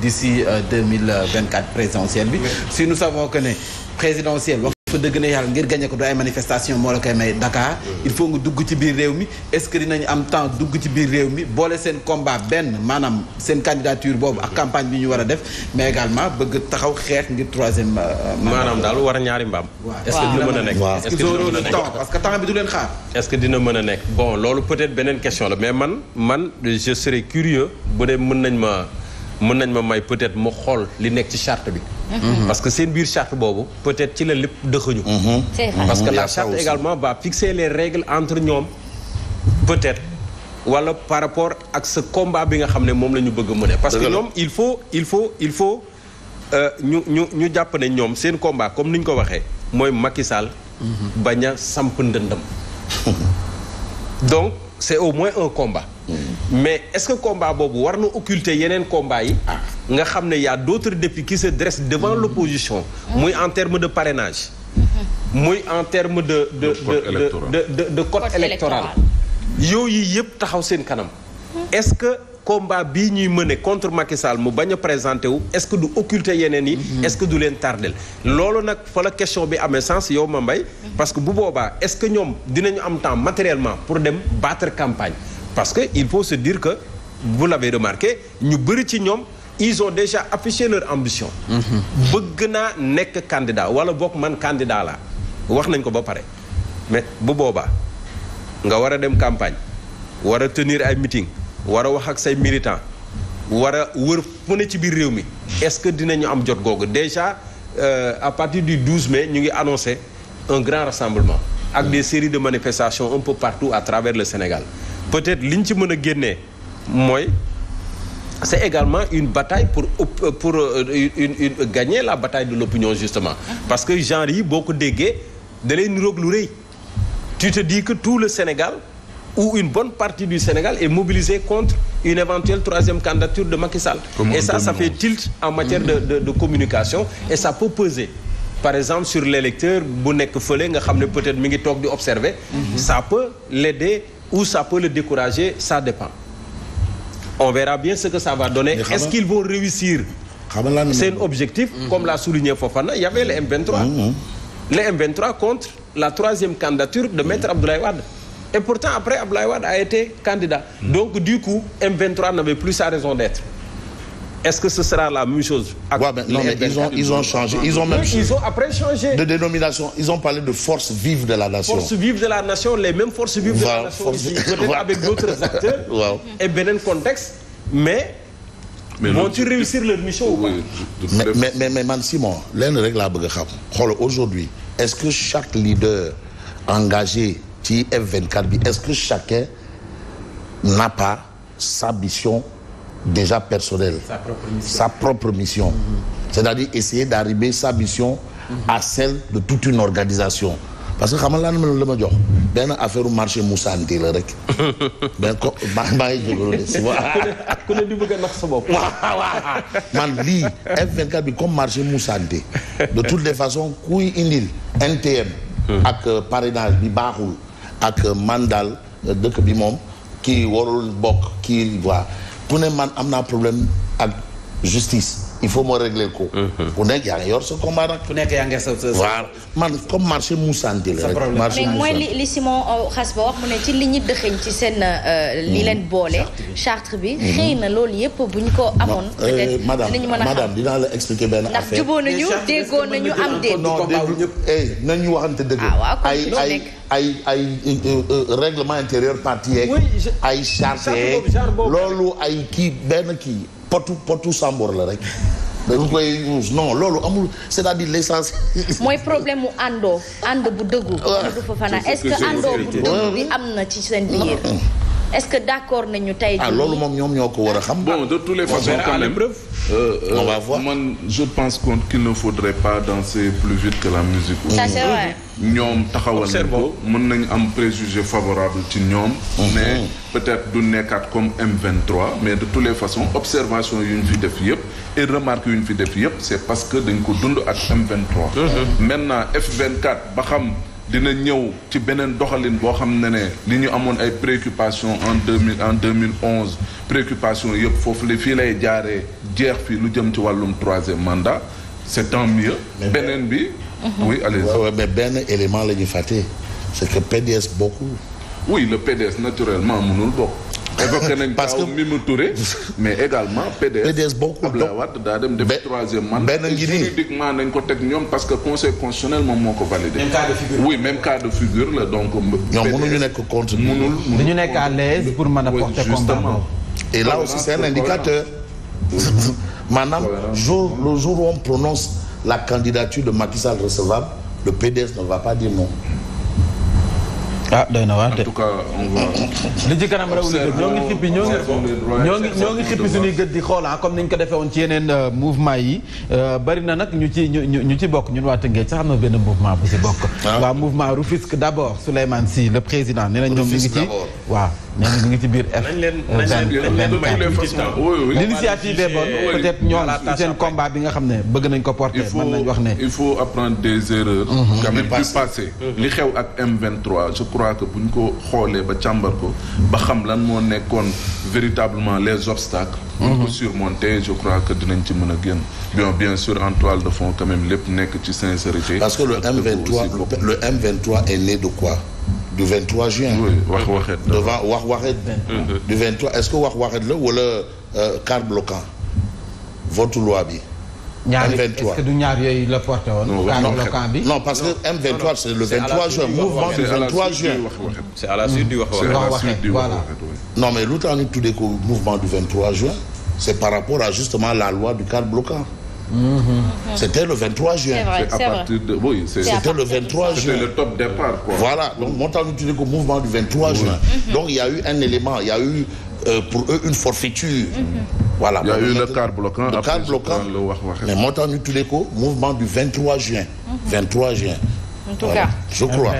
d'ici euh, deux mille vingt quatre présidentielle bi. si nous savons que ne présidentielle wax dëgg ne yàlla ngir gagné ko du ay manifestation moo la koy may Dakar. il faut nga dugg ci biir réew mi est-ce que am temps dugg ci biir réew mi boole seen combat benn maanaam seen candidature boobu ak campagne bi ñu war a def mais également bëgg taxaw xeex ngir troisième. Euh, maanaam daal war ñaari mbaam. est-ce que dina mën a nekk est-ce que dina mën a nekk parce que temps bi du leen xaar. est dina mën a nekk bon loolu peut-être nañ mën nañ ma may peut-être ma xool li nekk ci charte bi. Mhm. parce que seen biir charte boobu peut-être ci la lépp dëxëñu. Mhm. parce que la charte également va fixer les règles entre ñoom peut-être. wala par rapport ak sa combat bi nga xam ne moom la ñu bëgg a mëne parce que ñoom il faut il faut il faut euh, ñu ñu ñu jàpp ne ñoom seen combat comme ni ko waxee mooy Macky Sall. Mhm. samp ndëndam c'est au moins un combat. Mm-hmm. mais est-ce que combat boobu war na occulter yeneen combat yi. Ah. nga xam ne y a d'autres députés qui se dressent devant mm-hmm. l'opposition. muy en terme de parrainage. Mm-hmm. muy en terme de de de de de code électoral yëpp taxaw seen kanam. est-ce que combat bii ñuy mëne contre Macky Sall mu bañ a présenté wu est-ce que du occulter yeneen yi. Mhm. est-ce que du leen tardel loolu nag fa la question bi amee sens yow ma mbay parce que bu boobaa est-ce que ñoom dinañu am temps matériellement pour dem battre campagne parce que il faut se dire que vous l'avez remarqué ñu bëri ci ñoom. ils ont déjà affiché leur ambition. Mhm. bëgg naa nekk candidat wala bokk man candidat laa wax nañ ko ba pare mais bu boobaa nga war a dem campagne war a tenir ay meeting war a wax ak say militant war a wër fu ne ci biir réew mi est-ce que dinañu am jot googu déjà euh, à partir du 12 mai ñu ngi annoncé un grand rassemblement ak des séries de manifestations un peu partout à travers le Sénégal peut-être li ñu ci mën a génnee mooy c'est également une bataille pour pour euh, une, une, une gagner la bataille de l'opinion justement parce que genre yi boo ko déggee da lay niroog lu rëy tu te que tout le Sénégal où une bonne partie du Sénégal est mobilisée contre une éventuelle troisième candidature de Macky Sall. et ça, en matière de, de, de communication et ça peut peser. par exemple sur l'électeur bu nekk fële nga xam ne peut-être mi ngi toog di observer. Mhm. ça peut l'aider ou ça peut le décourager ça dépend. on verra bien ce que ça va donner. est-ce qu'ils vont réussir. seen objectif. Mhm. comme l'a souligné Fofana y avait le M23. Mhm. le M23 contre la troisième candidature de maître Abdoulaye Wade. Et pourtant, après, Abdoulaye Wade a été candidat. Mm. Donc, du coup, m n'avait plus sa raison d'être. Est-ce que ce sera la même chose ouais, mais non, mais ils, ont, ils ont changé. Ils après changé. De dénomination. Ils ont parlé de force vive de la nation. Force vive de la nation, les mêmes forces vives de la nation ici, voilà. d'autres acteurs et Benin contexte. Mais, mais vont-ils réussir leur mission oui, ou pas Mais, mais, mais, Man Simon, l'un règle aujourd'hui, est-ce que chaque leader engagé ci F24 bi est-ce que chacun n'a pas sa mission déjà personnelle sa propre mission, cest mm-hmm. c'est-à-dire essayer d'arriver sa mission mm-hmm. à celle de toute une organisation parce que xam nga lan ma jox benn affaire marché Moussa Nté la rek benn ko maa maa ngi ne di bëgg a nax sa bopp. man lii f bi comme marché Moussa de toutes les façons kuy indil NTM. Hmm. ak euh, parrainage bi baaxul. ak man daal dëkk bi moom kii warul bokk kii voilà ku ne man am naa problème ak justice il faut moo régler ko. Mhm. ku nekk yaa ngi yor sa combat nag. ku nekk yaa ngi sa man comme marché Moussanté la rek. marché Moussanté mais li ñu euh, dëxëñ ci seen. Euh, mhm. li leen boole. charte bi mhm. xëy na loolu yëpp bu ñu ko amoon. Euh, peut-être dinañu dinaa la expliquer benn affaire. ndax jubóo nañu déggoo nañu am déet. non dégg ñëpp eh, nañu waxante dëgg. ah ay ay ay règlement intérieur parti yeeg. ay charte loolu ay kii benn kii. potu potu sàmboor la rek. dañ koy non loolu amul c'est-à-dire l'essence. mooy problème mu àndoo ànd bu dëggu. waaw est que àndoo bu dëggu bi am na ci seen biir. est-ce que d'accord nañu tey. Ah, loolu moom ñoom ñoo ko war a xam. bon de toutes les façons quand même euh, euh, euh man je pense qu'il ne faudrait pas danser plus vite que la musique. ça ñoom taxawal nañ ko mën nañ am préjugé favorable ci ñoom. Mhm. mais peut-être du nekkaat comme m mais de toutes les façons observation yu ñu fi def yëpp et remarque yu ñu fi def yëpp c'est parce que dañ ko dund ak M23. Mhm. maintenant f ba xam. dina ñëw ci beneen doxalin boo xam ne ne li ñu amoon ay préoccupations en deux mille en mille onze préoccupations yëpp foofu la fii lay jaaree jeex fii lu jëm ci wàllum troisième mandat c'est tant mieux. beneen bi. Mhm. oui allez mais benn élément la ñu fàtte c'est que PDS bokkul. oui le PDS naturellement mënul bokk. évoqué nañ parce que Mimi Touré mais également PDS. PDS daa dem benn ngi nañ ko teg ñoom parce que conseil constitutionnel moom moo ko validé. même cas de figure oui même cas de figure la donc. ñoom mënuñu nekk contre mënul mënul nekk à l'aise pour mën a porter combat et là aussi c'est un indicateur. maanaam jour le jour où on prononce la candidature de Macky Sall recevable le PDS ne va pas dire non. ah doy na waar de en tout li ci kanam rawu la ñoo ngi xippi ñoo ngi ñoo ngi xippi suñuy gët di xool ah, comme niñ ko defee woon ci yeneen euh, mouvement yi euh, bari na nag ñu ci ñu ñu ci bokk ñun waa Tëngéej sax am na benn mouvement bu si bokk. Ah. waa mouvement Rufisque d'abord Souleymane Sy le président nee na ñoom ñu ngi ci waaw. nee na ngi ci biir F. l' initiative est bonne peut bi nga xam ne bëgg nañ ko porter. mën nañ wax ne il faut apprendre mhm. mhm. li xew ak m je crois que bu ñu ko xoolee ba càmbar ko. ba xam lan moo nekkoon véritablement les obstacles. ñu ko mhm. surmonter je crois que dinañ ci mën a génn. bien bien sûr de fond quand nekk ci sincérité. parce que le M23 le est né de quoi. du 23 juin. oui wax wax waxet. Mm-hmm. du 23 est wax la wala euh, quart bi. m ñaar yooyu la porté woon. quart bi non parce que M23 c'est wax waxet. wax waxet voilà. non lu tax ñu tuddee ko mouvement du 23 juin. par rapport à justement la loi du quart Mhm. C'était le 23 juin. C'est vrai, c'est à partir de oui, c'était le 23 juin. Voilà, donc tax ñu ko mouvement du 23 juin. Mhm. Donc il y a eu un élément, il y a eu euh, pour eux une forfaiture. Mhm. Voilà. Il y moo tax ñu tuddee ko mouvement du 23 juin. 23 juin. En tout cas, je crois.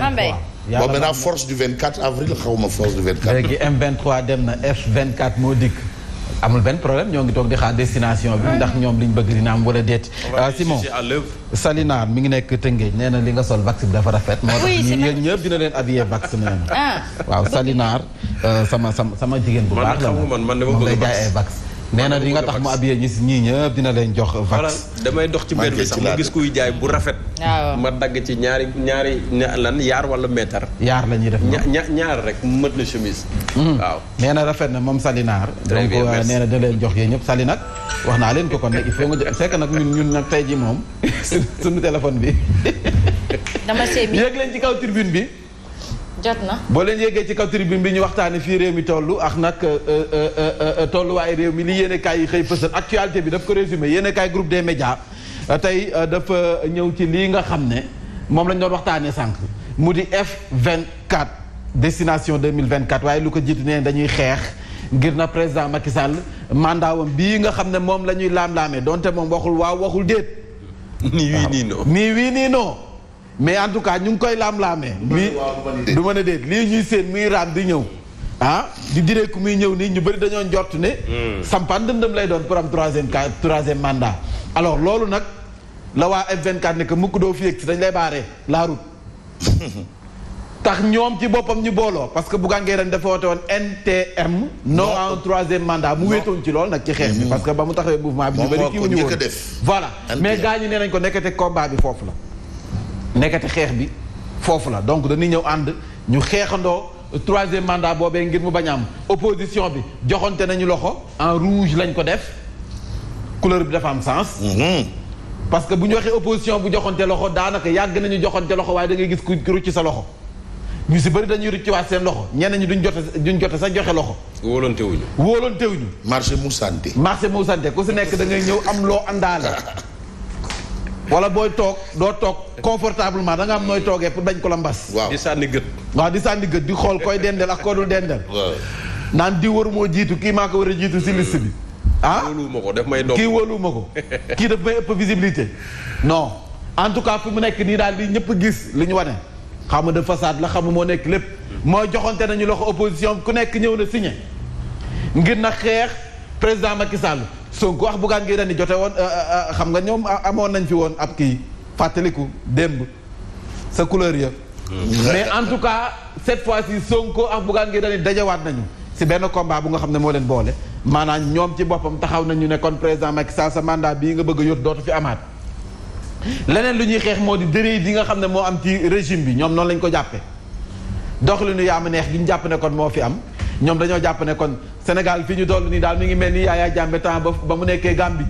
Ah, bon, maintenant force du 24 avril m dem na F24 moo dikk. amul benn problème ñoo ngi toog di xaa destination bi ndax ñoom liñ bëgg dina am wala déet. Euh, Simon Salinaar mi ngi nekk Tëngéej nee na li nga sol vax bi dafa rafet. moo tax yéen ñëpp dina leen habillé vax nee na. waaw Salinaar euh, sama sama sama jigéen bu baax la man man dama bëgg vax nee na li nga tax mu abiyee ñi ñii dina leen jox vax damay dox ci mbir mi sax ma gis kuy jaay bu rafet ma dagg ci ñaari ñaari lan yaar wala meetar yaar la ñuy def ñaar rek mu mët na chemise hmm. waaw nee na rafet na moom salinaar donc euh, nee na dina leen jox yéen ñëpp sali nag wax naa leen ko kon nag il faut nga fekk nag ñun ñun nag tey ji moom suñu téléphone bi dama yéeg leen ci kaw tribune bi jot na boo leen yéegee ci kaw tribune bi ñu waxtaanee fii réew mi toll ak nag euh, euh, euh, tolluwaay réew mi li yéene kaay yi xëy fësal actualité bi daf ko résumé yéene kaay groupe des médias tey dafa ñëw ci lii nga xam ne moom lañ doon waxtaanee sànq mu di F24 destination 2024 waaye lu ko jiitu nee dañuy xeex ngir na président Macky Sall mandaawam bii nga xam ne moom la ñuy laam laame donte moom waxul waaw waxul déet. nii wii nii non nii wii nii non. mais en tout cas ñu ngi koy laam-laamee. lii du mën a déet lii ñuy seen muy raam di ñëw. ah di dire ku muy ñëw nii ñu bëri dañoo njort ne. Hmm. sampaan dëndëm lay doon pour am troisième cas troisième mandat. alors loolu nag la waa F24 ne mukk doo fi yegg si dañ lay baaree laa route. tax ñoom ci boppam ñu booloo parce que Bougane Gueye ren dafa woote woon NTM. non à un troisième mandat mu wéetoon ci lool nag ci xeex bi. Mm-hmm. parce que ba mu taxawee mouvement bi. ñu bëri kii wu voilà mais gars ñi nee nañ ko nekkate combat bi foofu la. nekkati xeex bi foofu la donc dañuy ñëw ànd ñu xeexandoo troisième mandat boobee ngir mu bañ am opposition bi joxante nañu loxo en rouge lañ ko def couleur bi dafa am sens. Mhm. parce que bu ñu waxee opposition bu joxante loxo daanaka yàgg nañu joxante loxo waaye da ngay gis ku rucc sa loxo ñu si bëri dañuy rucciwaat seen loxo ñenn ñi duñ jote duñ jote sa joxe loxo. wóolante wuñu. wóolante wuñu. marché mu santé. marché mu santé ku si nekk da ngay ñëw am loo wala booy toog doo toog confortablement da am nooy toogee pour dañ ko la mbas. waaw di sànni gët. waaw di sànni gët di xool koy dendel ak koo dul dendel. naan di warumoo jiitu kii maa ko war a jiitu si liste bi. ah wóoluwuma ko daf may doon kii wóoluwuma ko kii daf may ëpp visibilité. non en tout cas fi mu nekk nii daal di ñëpp gis li ñu wane. xam de façade la xam moo nekk lépp. mooy joxante nañu loxo opposition ku nekk ñëw na signé. ngir na xeex. président Macky Sall Sonko wax Bougane Gueye Dany jote woon euh, euh, euh, xam nga ñoom amoon nañ fi woon ab kii fàttaliku démb sa couleur ya mm. mais en tout cas cette fois-ci Sonko ak Bougane Gueye Dany dajawaat nañu si benn combat bu nga xam ne moo leen boole maanaam ñoom ci boppam taxaw nañu ne kon président Macky sa mandat bii nga bëgg a dootu fi amaat leneen li ñuy xeex moo di déré yi nga xam ne moo am ci régime bi ñoom noonu lañ ko jàppee doxalinu yaa ma neex gi ñu jàpp ne kon moo fi am ñoom dañoo jàpp ne kon Sénégal fi ñu toll nii daal mi ngi mel ni Yaya Jammeh temps ba ba mu nekkee Gambie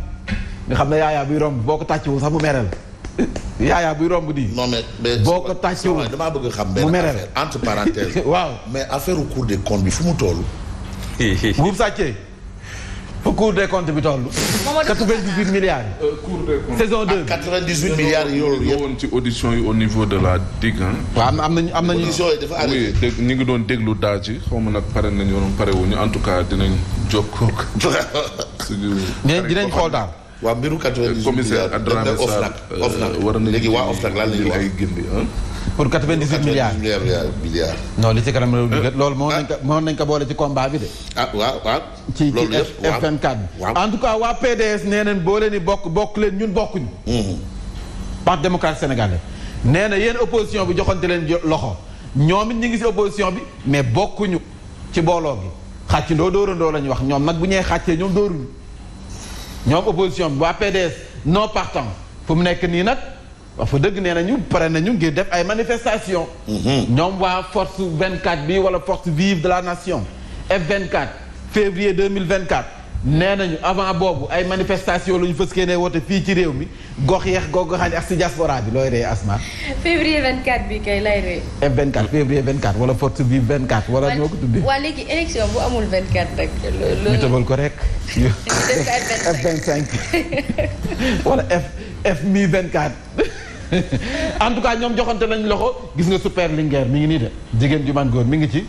nga xam ne Yaya buy romb boo ko tàcceewul sax mu merel Yaya buy romb di. non mais boo ko tàcceewul damaa bëgg xam benn affaire entre parenthèses. waaw mais affaire Cour des comptes bi fu mu toll. buub sàccee. cours des comptes bi toll. 98 milliards yi. Euh, cours des comptes saison 2 ah, milliards yooyu woon ci audition yi au niveau de la DIG. waaw am nañu am nañu audition yi dafa arrêté. oui ñu ngi doon déglu daa ji xaw ma nag pare nañu woon pare wuñu en tout cas dinañ jokkoo ak. suñu dinañ xool daal. waa mbiru quat euh, commissaire Adrame Sarr euh, OFNAC war nañu léegi waa OFNAC lan la ñuy wax euh, loolu moo ah. nañ ko moo nañ ko boole ci combat bi de. ah waaw waaw. ci ci f en tout cas waa PDS nee nañ boo leen bokk bokk leen ñun bokkuñu. Mm-hmm. Parti démocrate sénégalais nee na yéen opposition bi joxante leen loxo ñoom it ñu ngi si opposition bi mais bokkuñu ci booloo gi xàccandoo dóorandoo la ñuy wax ñoom nag bu ñee xàccee ñoom dóoruñu. ñoom opposition bi waa PDS non partant fu mu nekk nii nag wax fa dëgg nee nañu pare nañu ngir def ay manifestation mhm. ñoom waa force 24 bi wala force vive de la nation F24 février 2024 nee nañu avant boobu ay manifestation lu ñu fës kee ne woote fii ci réew mi gox yeex gox goxaan ak si diaspora bi looy rey asma. février 24 bi kay lay rey. F24 février 24 wala force bi 24 wala ñoo ko tuddee. waa léegi élection bu amul 24 rek. ñu tëbal ko rek. F25 wala F F mi 24. en tout cas ñoom joxante nañ loxo gis nga super linguère mi ngi nii de jigéen ju man góor mi ngi ci.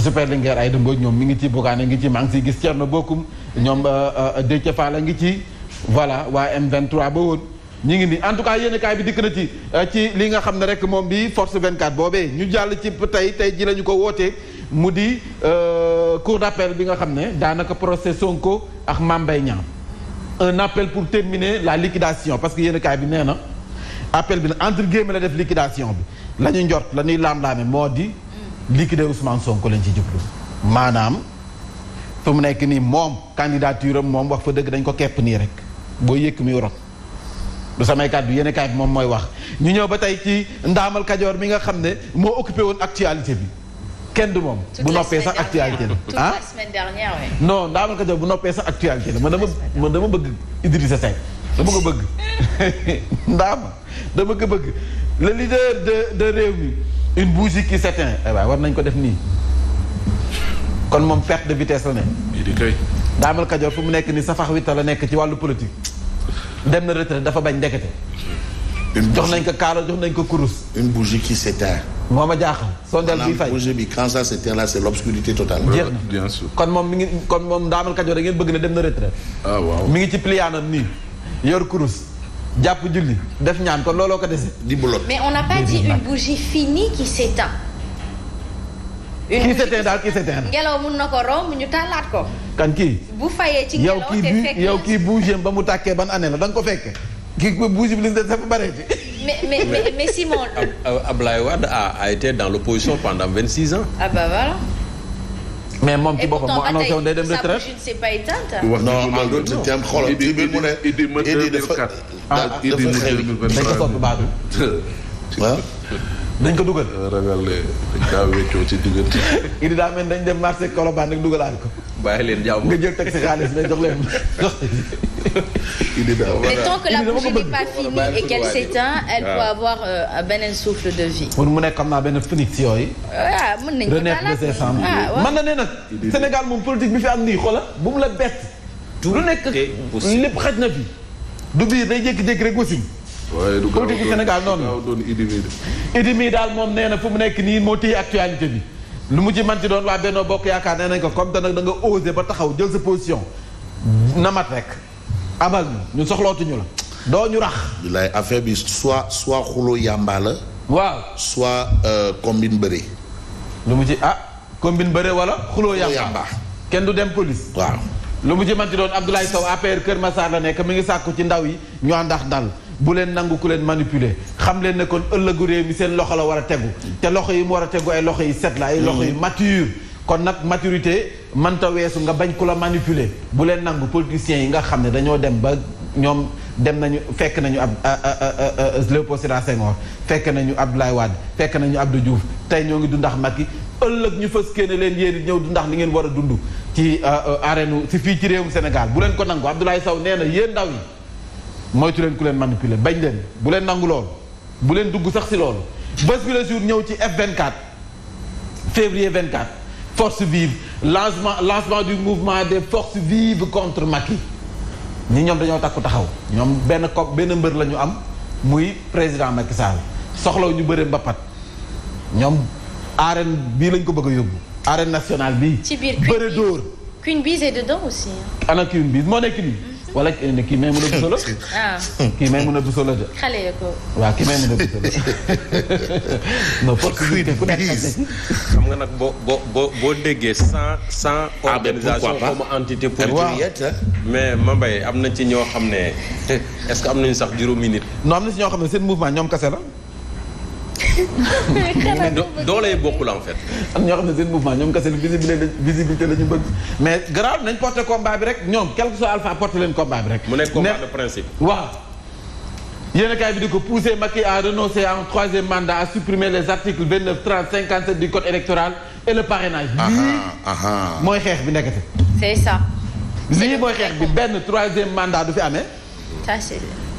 super linguère ay dëmbooj ñoom mi ngi ci Bougane ngi ci maa ngi siy gis Thierno Bocoum ñoom euh, euh, Déthié Fall ngi ci voilà waa M23 ba woon ñu ngi nii en tout cas yéen kaay bi dikk na ci euh, ci li nga xam ne rek moom bi force 24 boobee ñu jàll ci tey tey ji la ñu ko wootee mu di cour d'appel bi nga xam ne daanaka procès Sonko ak Mame Mbaye Niang un appel pour terminer la liquidation parce que yéen kaay bi nee na appel bi na entre guillemets la def liquidation bi la ñuy la ñuy laam moo di liquider Ousmane Sonko lañ ci jublu maanaam fu mu nekk nii moom candidature am moom wax fa dëgg dañ ko kepp nii rek boo yëkk mi rot du samay kàddu yenn kaay bi moom mooy wax ñu ñëw ba tey ci ndaamal kajoor bi nga xam ne moo occupé woon actualité bi kenn du moom bu noppee sax actualité la ah toute non ndaamal kajoor bu noppee sax actualité la man dama man dama bëgg Idrissa Seck dama ko bëgg ndaama dama ko bëgg le leader de de réew mi une bougie qui s'éteint eh waaw war nañ ko def nii kon moom perte de vitesse la ne. di kay. daamal Kajoor fu mu nekk nii sa safax witta la nekk ci wàllu politique dem na retraite dafa bañ ndekete. jox nañ ko kaala jox nañ ko kurus. une bougie qui s'éteint. moo ma jaaxal. sondeel bi fay bougie bi quand ça s'éteint là c'est l'obscurité totale. bien sûr kon moom mi ngi kon moom daamal Kajoor da ngeen bëgg ne dem na retraite. ah mi ngi ci pliyaanam nii yor kurus. jàpp julli def ñaan ko looloo ko dese. di bulon mais on a pas dit une bougie finie qui s'éteint. une qui s'éteint daal qui s'éteint. ngelaw mun na ko romb ñu tàllaat ko. kan kii. bu fayee ci ngelaw te fekk yow kii bougie ba mu tàkkee ban année la da nga ko fekk. kii bougie bi li nga def dafa bare. mais mais mais mais Simon. Ablaye Wade a été dans l'opposition pendant vingt six ans. ah bah voilà. mais moom ci boppam moo annoncé woon day dem retraite. sa bougie ne s'est pas éteinte. wax dëgg yàlla xoolal ah dafa xew dañ ko soppi baatu. waaw dañ ko dugal. ragal de dañ kaa weccoo ci diggante. Idi daa mel dañ dem marché Colobane rek dugalaat ko. bàyyi leen jàmm nga jël teg si xaalis ne jox leen jox. Idi daa mais tant que la bougie n'est pas finie et qu'elle s'éteint elle ah. peut avoir euh, beneen souffle de vie. mun mu nekk xam naa benn phénix yooyu. waaw ah, mun nañu ko daal de ah, man na ne nag Sénégal moom politique bi fi am nii xoola bu mu la bett. lu nekk lépp xaj na fi. du biir day jékki-jékki rek wasin politique du Sénégal noonu idi mii daal moom nee na fu mu nekk nii moo téye actualité bi lu mu ci man ci doon waa benn Bokk Yaakaar nee nañ ko comme te nag da nga osé ba taxaw jël sa position namat rek abal ñu ñu soxlootuñu la doo ñu rax bilaay affaire bi soit soit xulo yàmbaa la waaw soit euh, combine bëre lu mu ci ah combine bëre wala xuloo yàmbaa kenn du dem police waaw lu mu ci manti doon Abdoulaye Sow APR Kër Massar la nekk mu ngi sàkku ci ndaw yi ñu àndax dal bu leen nangu ku leen manipuler xam leen ne kon ëllëgu réew mi seen loxo la war a tegu te loxo yi mu war a tegu ay loxo yi set ay loxo yi mm. mature kon nag maturité mënta weesu nga bañ ku la manipuler bu leen nangu politiciens yi nga xam ne dañoo dem ba ñoom dem nañu fekk nañu ab Léopold Sédar Senghor fekk nañu Abdoulaye Wade fekk nañu Abdou Diouf tey ñoo ngi dundax Macky ëllëg ñu fës kéene leen yéen ñëw dundax li ngeen war a dund ci euh, euh, arène ci fii ci réewum Sénégal bu leen ko nangu Abdoulaye Sow nee na yéen ndaw yi moytu leen ku leen manipuler bañ leen bu leen nangu lool bu leen dugg sax si lool bés bi le jour ñëw ci F24 février 24 force vive lancement lancement du mouvement des forces vives contre Macky ñi ñoom dañoo takku taxaw ñoom benn ko benn mbër lañu am muy président Macky Sall soxlaw ñu bëre mbapat ñoom arène bii lañ ko bëgg a yóbbu arène nationale bi. ci biir bëre dóor. Queen Biz est dedans aussi. ana moo nekk nii. Mhm. wala kii may mën a busolo. ah kii may mën a busolo de. xale ya ko. waaw kii may mën a busolo. non ku nekk xam nga nag boo boo boo déggee sans sans organisation comme entité eh, politique mais Mbaye am na ci ñoo xam ne est-ce que am nañu sax juróomi nit. non am na ci ñoo xam ne seen mouvement ñoom kase la. doolee bokkul en fait. am ñoo xam ne seen mouvement ñoom kese visibilité visibilité la ñu bëgg mais garaaw nañ porté combat bi rek ñoom quel que soit alpha porté leen combat bi rek. mu nekk combat de principe. waaw. yéen bi di ko poussé Macky à renoncer à un troisième mandat à supprimer les articles 29 30 57 du code électoral et le parrainage. Ah, lii ah, ah. mooy xeex bi nekkati. c'est ça. lii mooy xeex bi benn troisième mandat du fi amee.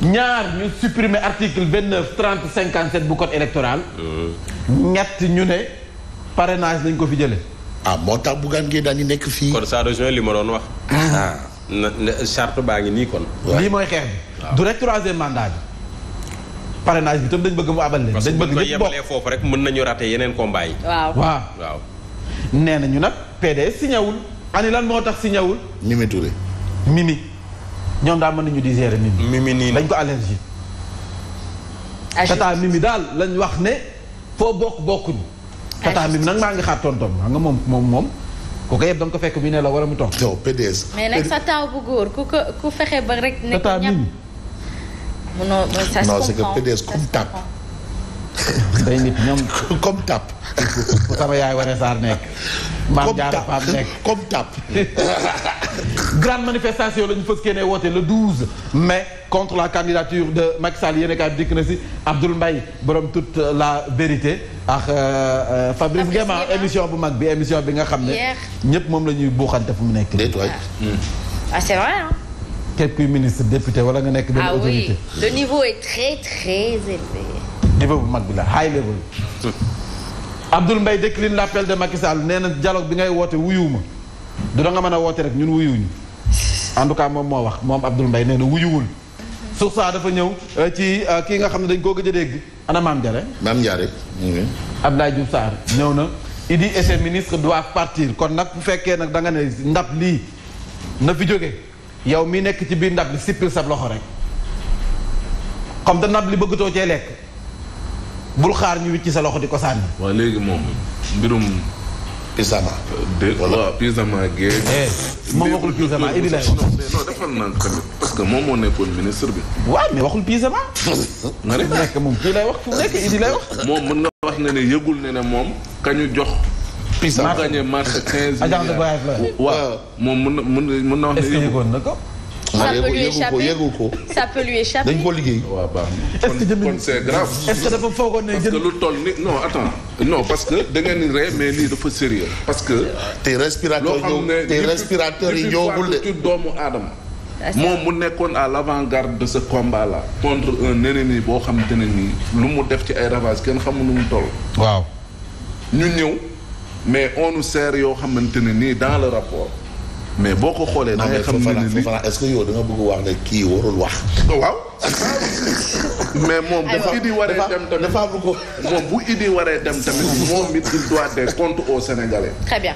ñaar ñu supprimer article vingt neuf trente cinquante sept bu code électoral. ñett ñu ne parrainage lañ ko fi jële ah moo tax Bougane Gueye daañu nekk fii. kon ça rejoint li ma doon wax. Ah. Ah. na charte baa ngi nii kon. lii mooy xeex bi. du rek troisième mandat bi. parrainage bi tam dañ bëgg mu abal leen. dañ bëgg ñëpp bokk foofu rek mën nañu raté yeneen combat yi. waaw waaw. nee nañu nag PDS si ñawul. ani moo tax si ñawul. Mimi Mimi. ñoom daal mën nañu di gérer nit ñi. mimi nii dañ ko allergie. tata mimi daal lañ wax ne foo bokk bokkuñu. tata mimi nag maa ngi xaar tontom a nga moom moom moom. ku ko yëpp da ko fekk mu ne la wala mu toog. non PDS. mais nag sa taaw bu góor ku ko ku fexe ba rek. ne ko ñam tata mimi. non comme tàpp. day nit ñoom. comme tap. bu sama yaay waree saar nekk. maam jaara paam nekk comme tap grande manifestation la ñu fës kee woote le 12 mai contre la candidature de Macky Sall yéen a kaay dikk na si Abdoul Mbaye borom toute la vérité ak euh, euh, Fabrice Guéma émission bu mag bi émission bi nga xam ne. ñëpp moom la ñuy buuxante fu mu nekk. déet waay. Mm. ah c'est vrai hein. képp ministre député wala nga nekk benn ah autorité. le niveau est très très élevé. niveau bu mag bi la high level. Abdoul mbay décline l'appel de Macky Sall nee na dialogue bi ngay woote wuyuwuma du da nga mën a woote rek ñun wuyuwuñu en tout cas moom moo wax moom Abdoul Mbaye nee na wuyuwul. suuf saa dafa ñëw euh, ci euh, kii nga xam ne dañ koo gëj a dégg ana maam Ndiare. maam Ndiare. Abdoulaye Diouf ñëw na. Idi et ses ministres partir kon nag bu fekkee nag da nga ne ndab lii na fi jóge yow mi nekk ci biir ndab li sippil sa loxo rek comme da ndab li bëggatoo cee lekk. bul xaar ñu wit ci sa loxo di ko sànni. waaw léegi moom mbirum. Pisama. de waaw Pisama Gueye. Eh, moom waxul Pisama Ibi lay wax. non defal naa tamit que moom moo nekkoon ministre bi. waaw mais waxul Pisama. nga ne nekk moom kii lay wax fu nekk Ibi lay moom mën na wax ne ne yëgul ne ne moom kañu jox. Pisama mu gagné marché 15. agent de voyage la waaw moom mën na mën na wax ne. est-ce na ko. ça peut lui échapper yëgu ko ça peut lui échapper dañ ko liggéey. waaw baax na kon dafa foogoon ne parce ni non attends non parce que da ngeen di mais lii dafa sérieux parce que. te respirateur ñëw te respirateur yi ñëwul de doomu aadama. Ah, moom mu nekkoon à l'avant-garde de ce combat là. contre boo xamante ne nii lu mu def ci ay ravages kenn xamu mu toll. waaw ñu ñëw mais on nous yoo xamante ne nii dans le rapport. mais boo ko xoolee. da ngay xam ne est ce que yow da nga bëgg wax ne kii warul wax. Oh, waaw. mais moom bu idi waree dem ta tamit moom bu idi waree dem tamit moom it il doit des comptes aux Sénégalais. très bien.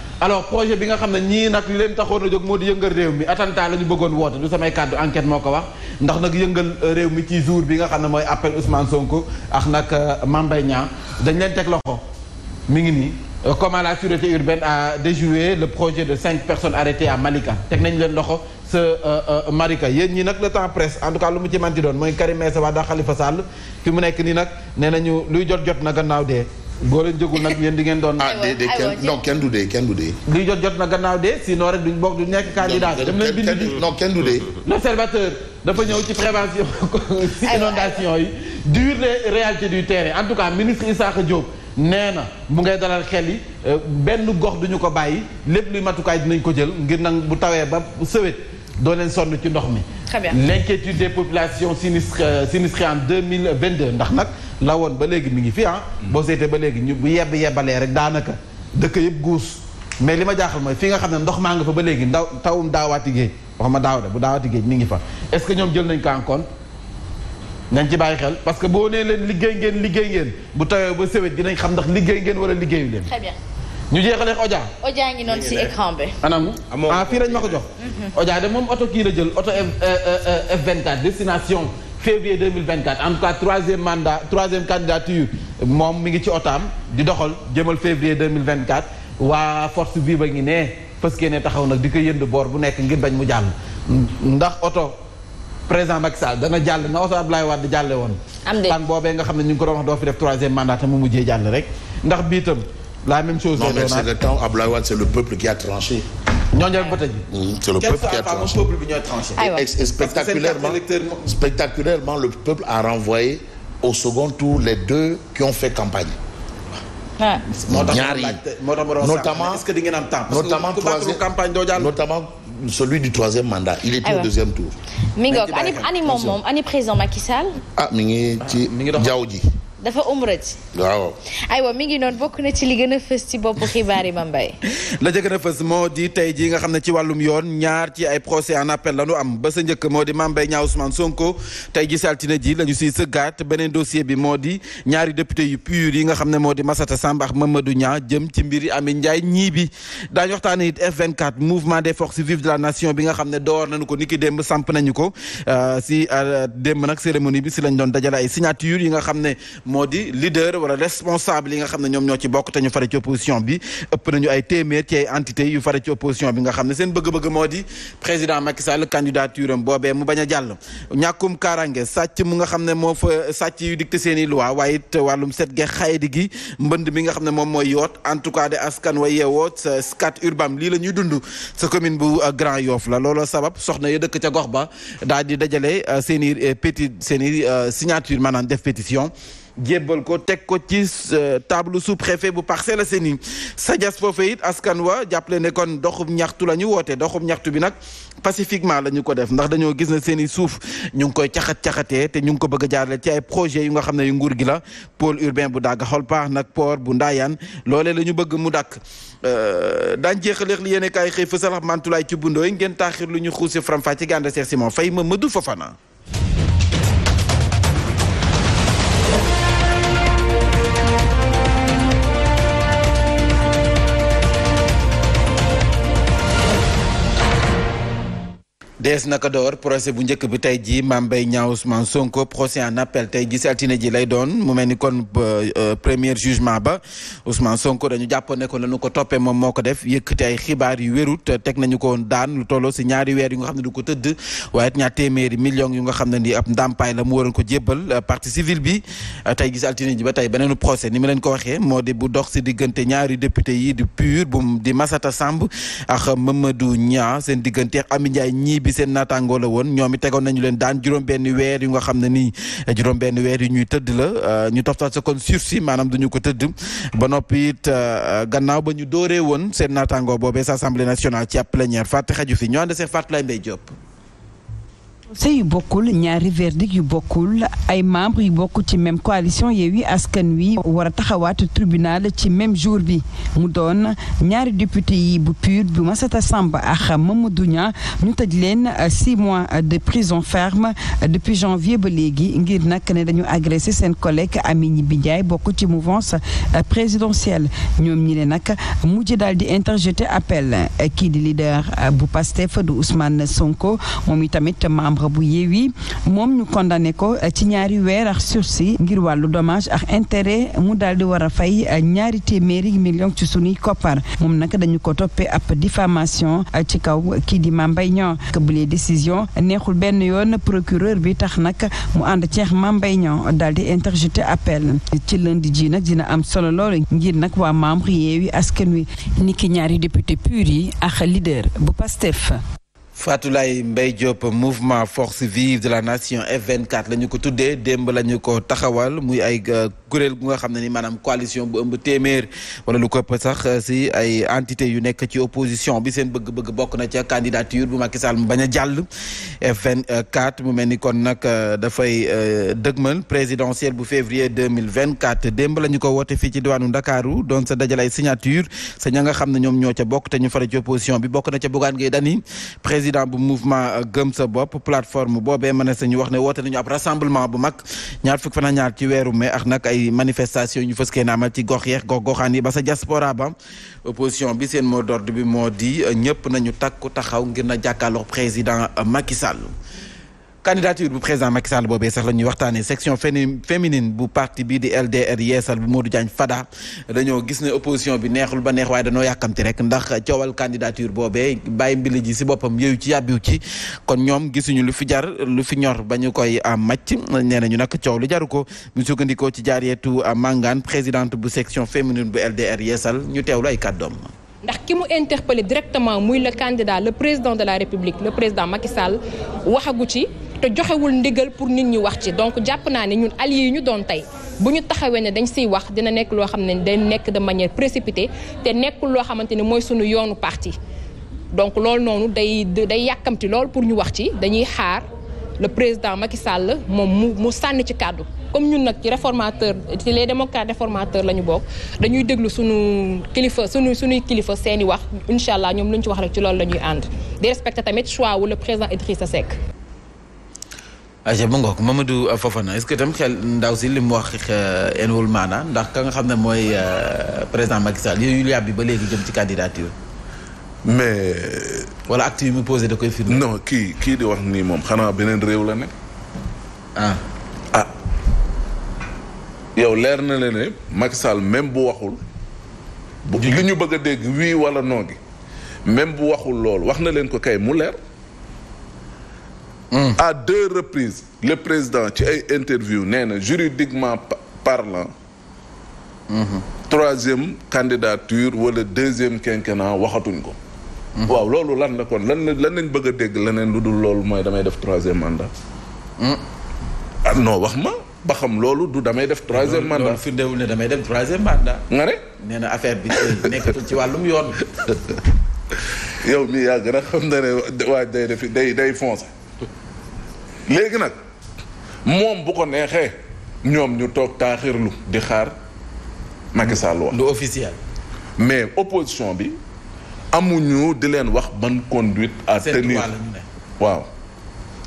alors projet bi nga xam ne ñii nag li leen taxoon a jóg moo di yëngal réew mi attentat la ñu bëggoon woote du samay kàddu enquête moo ko wax ndax nag yëngal euh, réew mi ci jour bi nga xam ne mooy appel Ousmane Sonko ak nag euh, Mame Mbaye dañ leen teg loxo mu ngi nii. Euh, comment la sûreté urbaine a déjoué le projet de cinq personnes arrêtées à Malika teg nañ leen loxo sa Malika yéen ñi nag le temps presse en tout cas lu mu ci manti doon mooy Karim Meïssa Wade Khalifa Sall fi mu nekk nii nag nee nañu luy jot jot na gannaaw dee. boo leen jógul nag yéen di ngeen doon. ah dee dee kenn kenn du dee kenn du dee. li jot jot na gannaaw dee sinon rek duñ bokk du nekk candidat. dem leen bind bi non kenn du dee. l'observateur dafa ñëw ci prévention si inondation yi. dur les réalités du terrain en tout cas ministre Issakha Diop nee na mu ngay dalal xel yi euh, benn gox duñu ko bàyyi lépp luy matukaay dinañ ko jël ngir nag bu tawee ba sëwet. doo leen sonn ci ndox mi. l'inquiétude des populations sinistrées euh, sinistrées en deux mille vingt deux ndax nag la woon ba léegi mi ngi fi ah. Mm. boo seetee ba léegi ñu bu yebb yebbalee rek daanaka dëkk yëpp guus mais li ma jaaxal mooy fi nga xam ne ndox maa ngi fa ba léegi ndaw tawum daawaati géej wax ma daaw de bu daawaati géej mi ngi fa est-ce que ñoom jël nañ ko en compte nañ ci bàyyi xel parce que boo nee leen liggéey ngeen liggéey ngeen bu tawee ba sewet dinañ xam ndax liggéey ngeen liggéeyu leen. très bien. ñu jeexalee Oja. Oja ngi noonu si écran bi. anam ah fii lañ ma ko jox. Mhm. Oja de moom oto kii la jël oto euh, euh, euh, F24 destination février 2024 en tout cas troisième mandat troisième candidature moom mi ngi ci otaam di doxal jëmal février 2024 waa force bii ba ngi ne parce que ne taxaw nag di ko yënd boor bu nekk ngir bañ mu jàll. ndax oto président Macky Sall dana jàll na oto Abdoulaye Wade jàlle woon. am boobee nga xam ne ñu ngi ko doon wax doo fi def troisième mandat te mu mujjee jàll rek ndax bii la même chose. non mais c'est le temps c'est le peuple qui a tranché. spectaculairement le peuple a renvoyé au second tour les deux qui ont fait campagne. ah ñaar yi notamment di ngeen am temps. campagne doo jàll. notamment celui du troisième mandat. il est au deuxième tour. mi ngi ani moom moom ah, mi ngi ah, ci jaww ji. dafa umra ci waaw aywa mi ngi noonu bokk na ci li gën a fës ci bopp xibaar yi Mbaye la ca gën a fës moo di tey jii nga xam ne ci wàllum yoon ñaar ci ay procès en appel la ñu am ba sa njëkk moo di Mame Mbaye Niang Sonko tey ji saltine ji la ñu siy sëggaat beneen dossier bi moo di ñaari député yu PUR yi nga xam ne moo di sambax Samb ak Mamadou Niang jëm ci mbiri Amy Ndiaye ñii daa daañu waxtaane it F24 mouvement des forces vives de la nation bi nga xam ne door nañu ko niki démb samp nañu ko euh, si euh, démb nag cérémonie bi si lañ doon dajale ay signature yi nga xam ne moo di leader wala responsable yi nga xam ne ñoom ñoo ci bokk te ñu fare ci opposition bi ëpp nañu ay téeméer ci entité yu fare ci opposition bi nga xam ne seen bëgg-bëgg moo di président Macky Sall candidature am boobee mu bañ a jàll ñàkkum kaaraange sàcc mu nga xam ne moo fa sàcc yu dikk seen i loi waaye it wàllum set ge xaydi gi mbënd mi nga xam ne moom mooy yoot en tout cas de askan wa yeewoo scat urbam lii la ñuy dund sa commune bu euh, Grand Yoff la looloo sabab soxna yi dëkk ca gox ba daal di dajale euh, seen i euh, péti seen i signature def pétition jébbal ko teg ko ci euh, table sous préfet bu Parcelles Assainies Sadias foofe it askan wa jàppale ne kon doxub ñaxtu la ñu woote doxub ñaxtu bi nag pacifiquement la ñu ko def ndax dañoo gis na seen i suuf ñu ngi koy caxat-caxatee te ñu ngi ko bëgg a ci ay projet yu nga xam ne yu nguur gi la pôle urbain bu dagg Holpa nag poor bu Ndaayaan loolee la ñu bëgg mu dàkk euh, daan jeexaleex li yéene kaay xëy fësal mantulaay ci bundooy ngeen taaxir lu ñu xuusi faram-fàcce gànda Seex Simon Fay ma Madou Fofana dees naka door procès bu njëkk bi tey jii Mame Mbaye Niang Ousmane Sonko procès en appel tey jii si altine ji lay doon mu mel ni kon euh, euh, premier jugement ba Ousmane Sonko dañu jàppoon ne ko la ñu ko toppee moom moo ko def yëkkati ay xibaar yu wérut teg nañu ko woon daan lu tolloo si ñaari weer yu nga xam ne du ko tëdd waaye it ñaar téeméeri millions yu nga xam ne ni ab la mu waroon ko jébbal euh, partie civile bi tey jii si altine ji ba tey beneenu procès ni ma leen ko waxee moo di bu dox diggante ñaari député yi di PUR bu di Massata Samb ak Mamadou Niang seen diggante Amy bi seen naataangoo la woon ñoom it tegoon nañu leen daan juróom benn weer yu nga xam ne nii juróom benn weer yu ñuy tëdd la euh, ñu toftal sa kon sursis maanaam duñu ko tëdd ba noppi it euh, gannaaw ba ñu dooree woon seen naataangoo boobee sa assemblée nationale ci ab plénière fàtte xaju fi ñu ànd see Fatou Lay Mbaye conseil yu bokkul ñaari verdict yu bokkul ay membres yu bokkul ci même coalition Yewwi Askan Wi war a taxawaat tribunal ci même jour bi mu doon ñaari député yi bu PUR bu Massata Samb ak Mamadou Niang ñu tëj leen euh, six mois de prison ferme euh, depuis janvier ba léegi ngir nag ne dañu agressé seen collègue Aminata Ndiaye bokk ci mouvance euh, présidentielle ñoom ñi ne nag mujj daal di interjeté appel kii di leader bu PASTEF du Ousmane Sonko moom itamit membre membre bu Yewwi moom ñu condamné ko eh, ci ñaari weer ak sursis ngir wàllu domage ak intéret mu daal di war a fay eh, ñaari téeméeri million ci sunuy koppar moom nag dañu ko toppee ab diffamation eh, ci kaw kii di Mame Mbaye Niang décision neexul benn yoon procureur bi tax nag mu ànd ceex mambayñon Mbaye Niang daal di interjeté appel ci lundi ji nag dina am solo loolu ngir nag waa membre yi Askan Wi niki ñaari député pur yi ak leader bu Pastef Fatoulaye Mbaye Diop mouvement force vive de la nation F24 la ñu ko tuddee démb la ñu ko taxawal muy ay euh, kuréel gu nga xam ne ni maanaam coalition bu ëmb téeméer wala lu kopp sax euh, si ay entité yu nekk ci opposition bi seen bëgg-bëgg bokk na ca candidature bu Macky Sall mu bañ a jàll F24 mu mel ni kon nag euh, dafay dëgmal présidentielle bu février 2024 démb la ñu ko woote fii ci diwaanu Ndakaaru donc sa dajale ay signature sa ña nga xam ne ñoom ñoo ca bokk te ñu fara ci opposition bi bokk na ca Bougane Gueye Dany président président bu mouvement euh, gëm sa bopp plateforme boobee mën na ñu wax ne woote nañu ab rassemblement bu mag ñaar fukk fan ak ñaar ci weeru mai ak nag ay manifestation ñu fëskee naa amal ci gox yeex gox goxaan yi ba sa diaspora ba opposition bi seen mot d'ordre bi moo di euh, ñëpp nañu takku taxaw ngir na jàkkaarloo président euh, Macky Sall candidature bu président Macky Sall boobee sax la ñuy waxtaanee section féminine bu parti bii di LDR yeesal bu Modou Diagne Fada dañoo gis ne opposition bi neexul ba neex waaye dañoo yàkkamti rek ndax coowal candidature boobee bàyyi mbili ji si boppam yooyu ci yàbbiw ci kon ñoom gisuñu lu fi jar lu fi ñor ba ñu koy ah, màcc nee nañu nag coow lu jaru ko bu sukkandikoo ci jaar jaareetu ah, Mangane président bu section féminine bu LDR yeesal ñu teewlu ay kàddoom. ndax ki mu directement muy le candidat le président de la république le président Macky Sall waxagu ci. te joxewul ndigal pour nit ñi wax ci donc jàpp naa ne ñun alliés yi ñu doon tey bu ñu taxawee ne dañ siy wax dina nekk loo xam ne day nekk de manière précipitée te nekkul loo xamante ne mooy sunu yoonu parti donc loolu noonu day day yàkkamti lool pour ñu wax ci dañuy xaar le président Macky sàll moom mu mu sànni ci kàddu comme ñun nag ci réformateur ci les démocrates réformateurs la ñu bokk dañuy déglu sunu kilifa sunu sunuy kilifa seeni wax incha allah ñoom lu ñu ci wax rek ci loolu la ñuy ànd di respecté tamit choix wu le président Idrissa Seck aja ma ngoog Mamadou Fofana est-ce que tam xel ndaw si li mu wax euh, enwul maana ndax ka nga xam ne mooy euh, président Macky Sall yooyu yàb bi ba léegi jëm ci candidature mais wala acte yi mu posé da koy firnde non kii kii di wax nii moom xanaa beneen réew la ne ah, ah. yow leer na leen ne Macky même bu waxul li ñu bëgg a dégg wii wala noo gi même bu waxul loolu wax na leen ko kay mu leer à deux reprises le président ci ay interview nee na juridiquement parlant troisième candidature wala deuxième quinquennat waxatuñ ko waaw loolu lan la kon lan lan lañ bëgg a dégg leneen lu dul loolu mooy damay def troisième mandat ah noo wax ma ba xam loolu du damay def troisième mandat loolu firndewul ne damay def troisième mandat nga ne nee na affaire bi nekkatul ci wàllum yoon yow mi yaa gën xam na ne waaj day def day day foncé léegi nag moom bu ko neexee ñoom ñu toog taaxirlu di xaar Macky Sall wax lu officiel mais opposition bi amuñu di leen wax ban conduite à tenir waaw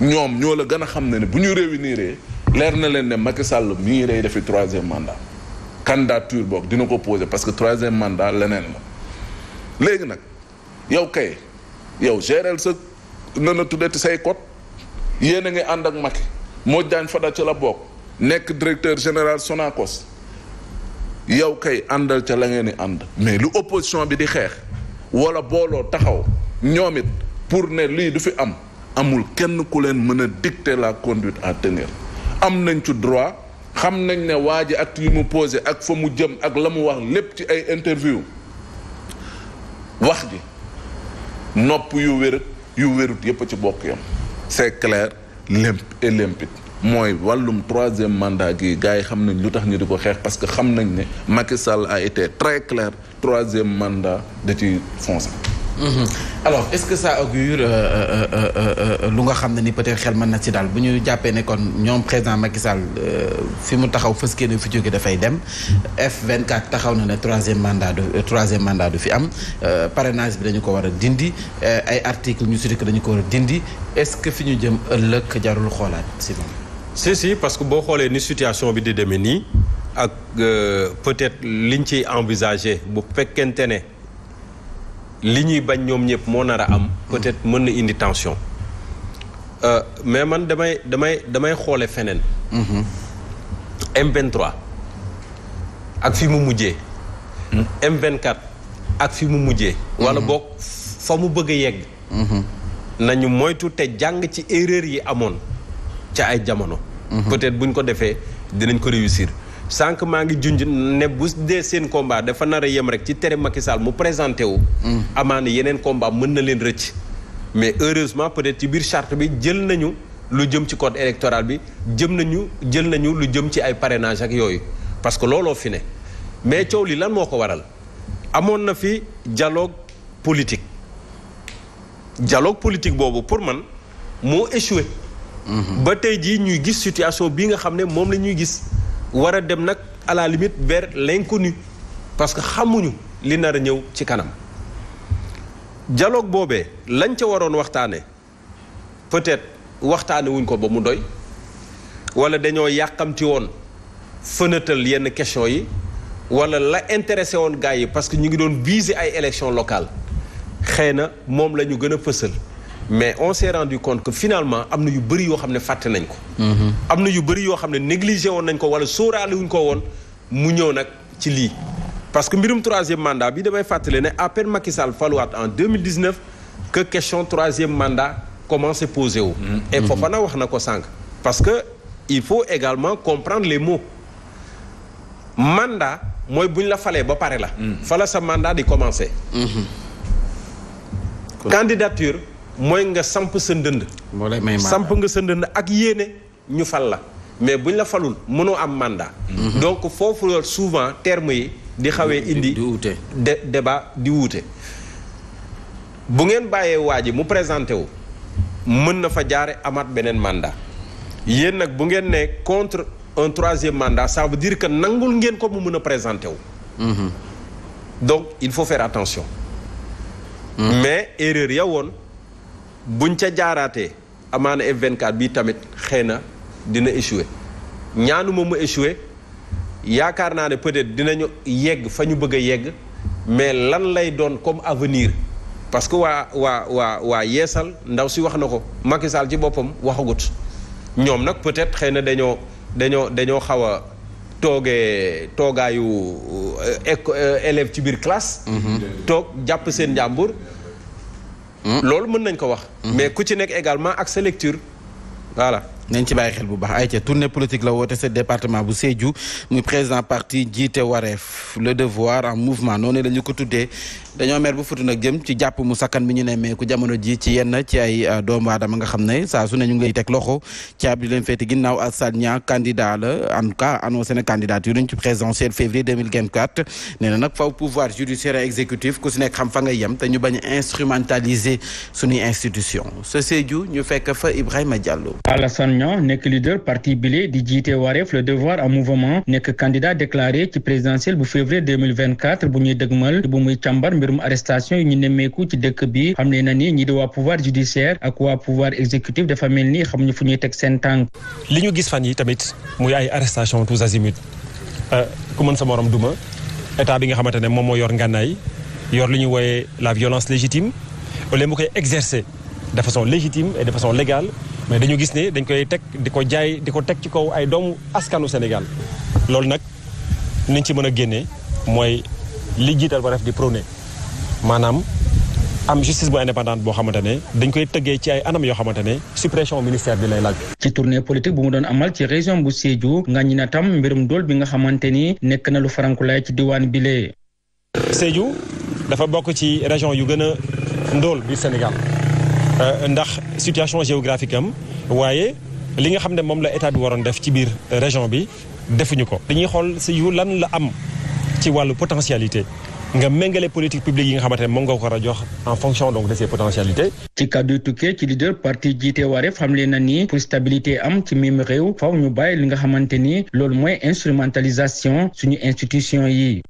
ñoom ñoo la gën a xam ne ne bu ñu réuniree leer na leen ne Macky Sall mi ngi rey defi troisième mandat candidature boog dina ko poser parce que troisième mandat leneen la léegi nag yow kay yow géreel sa na na tuddati say code yéen a ngi ànd ak Macky Modou Diagne Fada ca la bokk nekk directeur général sonakos yow kay àndal ca la ngeen di ànd mais lu opposition bi di xeex wala booloo taxaw ñoom it pour ne lii du fi am amul kenn ku leen mën a dicter la conduite à tenir am nañ ci droit xam nañ ne waa ji ak li mu posé ak fa mu jëm ak la mu wax lépp ci ay interview wax ji nopp yu wér yu wérut yépp a ci bokk yam c'est clair limp et limpide mooy wàllum troisième mandat gi gars yi xam nañ lu tax ñu di ko xeex parce que xam nañ ni Macky Sall a été très clair troisième mandat da ci foncé Mhm. alors est-ce que ça augure euh, euh, euh, lu nga xam ne ni peut-être xel mën na ci daal bu ñu jàppee ne kon ñoom président Macky Sall fi mu taxaw fëskee ne fu jóge dafay dem F24 taxaw na ne troisième mandat du troisième du fi am parrainage bi dañu ko war a dindi ay article ñu sudi que dañu ko war a dindi est-ce que fi ñu jëm ëllëg jarul xoolaat si moom si si parce que boo xoolee ni situation bi di demee nii ak peut-être liñ ciy envisager bu fekkente ne li ñuy bañ ñoom ñëpp moo nar a am. peut-être mën na indi tension. Euh, mais man damay damay damay xoole feneen. Mm-hmm. M23 ak fi mu mujjee. Mm-hmm. M24 ak fi mu mujjee. wala mm-hmm. boog fa mu bëgg a yegg. nañu moytu te jàng ci erreur yi amoon ca ay jamono. peut-être buñ ko defee dinañ ko réussir. sànq maa ngi junj ne bu dee seen combat dafa nar a yem rek ci tere Macky Sall mu présenté wu. Mm. amaana yeneen combat mën na leen rëcc. mais heureusement peut-être ci biir chart bi jël nañu lu jëm ci code électoral bi jëm nañu jël nañu lu jëm ci ay parrainage ak yooyu parce que looloo fi ne mais coow lii lan moo ko waral amoon na fi dialogue politique dialogue politique boobu pour man moo échoué. Mm-hmm. ba tey jii ñuy gis situation bii nga xam ne moom la ñuy gis. war a dem nag à la limite vers l'inconnu parce que xamuñu li nar a ñëw ci kanam jaloog boobee lañ ca waroon waxtaane peut-être waxtaane wuñ ko ba mu doy wala dañoo yàqamti woon fënatal yenn question yi wala la intéressé woon gars yi parce que ñu ngi doon viser ay élections locales xëy na moom la ñu gën a fësal mais on s'est rendu compte que finalement am na yu bëri yoo xam ne fàtte nañ ko. Mhm. am na yu bëri yoo xam ne négligé woon nañ ko wala sóoraale wuñ ko woon mu ñëw nag ci lii. parce que mbirum troisième mandat bi damay fàttale ne à peine Macky Sall faluwaat en 2019 que question troisième mandat commencé posé wu. Mhm. et Fofana wax na ko sànq. parce que il faut également comprendre les mots mandat mooy buñ la falee ba pare la. Mhm. fala sa mandat di commencé. candidature. mooy nga samp sa ndënd samp nga sa ndënd ak yéene ñu fal la mais bu buñ la falul mënoo am mandat mhm. donc foofu loolu souvent terme yi di xawee indi de débat di wuute bu ngeen bàyyee waa ji mu présenté wu mën na fa jaare amaat beneen mandat yéen nag bu ngeen ne contre un troisième mandat ça veut dire que nangul ngeen ko mu mën a présenté wu mhm. donc il faut faire attention mhm. mais erreur ya woon buñ ca jaaraatee amaana F24 bii tamit xëy na dina échoué ñaanuma mu échoué yaakaar naa ne peut-être dinañu yegg fa ñu bëgg a yegg mais lan lay doon comme avenir parce que waa waa waa waa yeesal ndaw si wax na ko Macky Sall ci boppam waxagut ñoom nag peut-être xëy na dañoo dañoo dañoo xaw a toogee toogaayu euh, euh, élève ci biir classe mhm. toog jàpp seen njàmbur loolu mën nañ ko wax. Mhm. mais ku ci nekk également ak sa lecture voilà. nañ ci bàyyi xel bu baax ay ayca tournée politique la woote sa département bu Sédhiou muy président parti jiite wareef le devoir en mouvement noonu la ko tuddee dañoo mer bu futu nag jëm ci jàpp mu sakkan bi ñu nemmeeku jamono ji ci yenn ci ay euh, doomu aadama nga xam ne saa su ne ñu ngi lay teg loxo caab di leen feeti ginnaaw Alassane Niang candidat la en tout cas annoncé na candidature ci présidentielle février 2024 nag faw pouvoir judiciaire et ku si nekk xam fa nga yem te ñu bañ a instrumentaliser suñuy institution sa Sédhiou ñu fekk fa Ibrahima Diallo. Alassane Niang nekk leader parti bile di jiite Wareef le devoir en mouvement nekk candidat déclaré ci présidentielle bu février 2024 bu ñuy dëgmal bu muy càmbar mbirum arrestation yi ñu nemmeeku ci dëkk bi xam ne na ni ñi di waa pouvoir judiciaire ak waa pouvoir exécutif dafa mel ni xamuñu fu ñuy teg seen tànk. li ñu gis fan yi tamit muy ay arrestation tous azimuts euh, ku mën sa morom duma état bi nga xamante ne moom moo yor ngannaay yor li ñu wooyee la violence légitime au lieu mu koy exercer de façon légitime et de façon légal mais dañu gis ne dañ koy teg di ko jaay di ko teg ci kaw ay doomu askanu Sénégal loolu nag niñ ci mën a génnee mooy li jiital ba maanaam am justice bu indépendante boo xamante ne dañ koy tëggee ci ay anam yoo xamante ne suppression ministère bi lay laaj. ci tournée politique bu mu doon amal ci région bu Sédhiou ngañ na tam mbirum dool bi nga xamante ni nekk na lu farankulaay ci diwaan bi bile. Sédhiou dafa bokk ci région yu gën a ndóol biir Sénégal euh, ndax situation géographique am waaye li nga xam ne moom la état bi waroon def ci biir région bi defuñu ko. dañuy xool Sédhiou lan la am ci wàll potentialité. nga méngale politique publique yi nga xamante ne moom nga ko war a jox en fonction donc de ses potentialités. ci kàddu tukkee ci leader parti jiite Wareef xamle na ni pour stabilité am ci mim réew faw ñu bàyyi li nga xamante ni loolu mooy instrumentalisation suñu institution yi.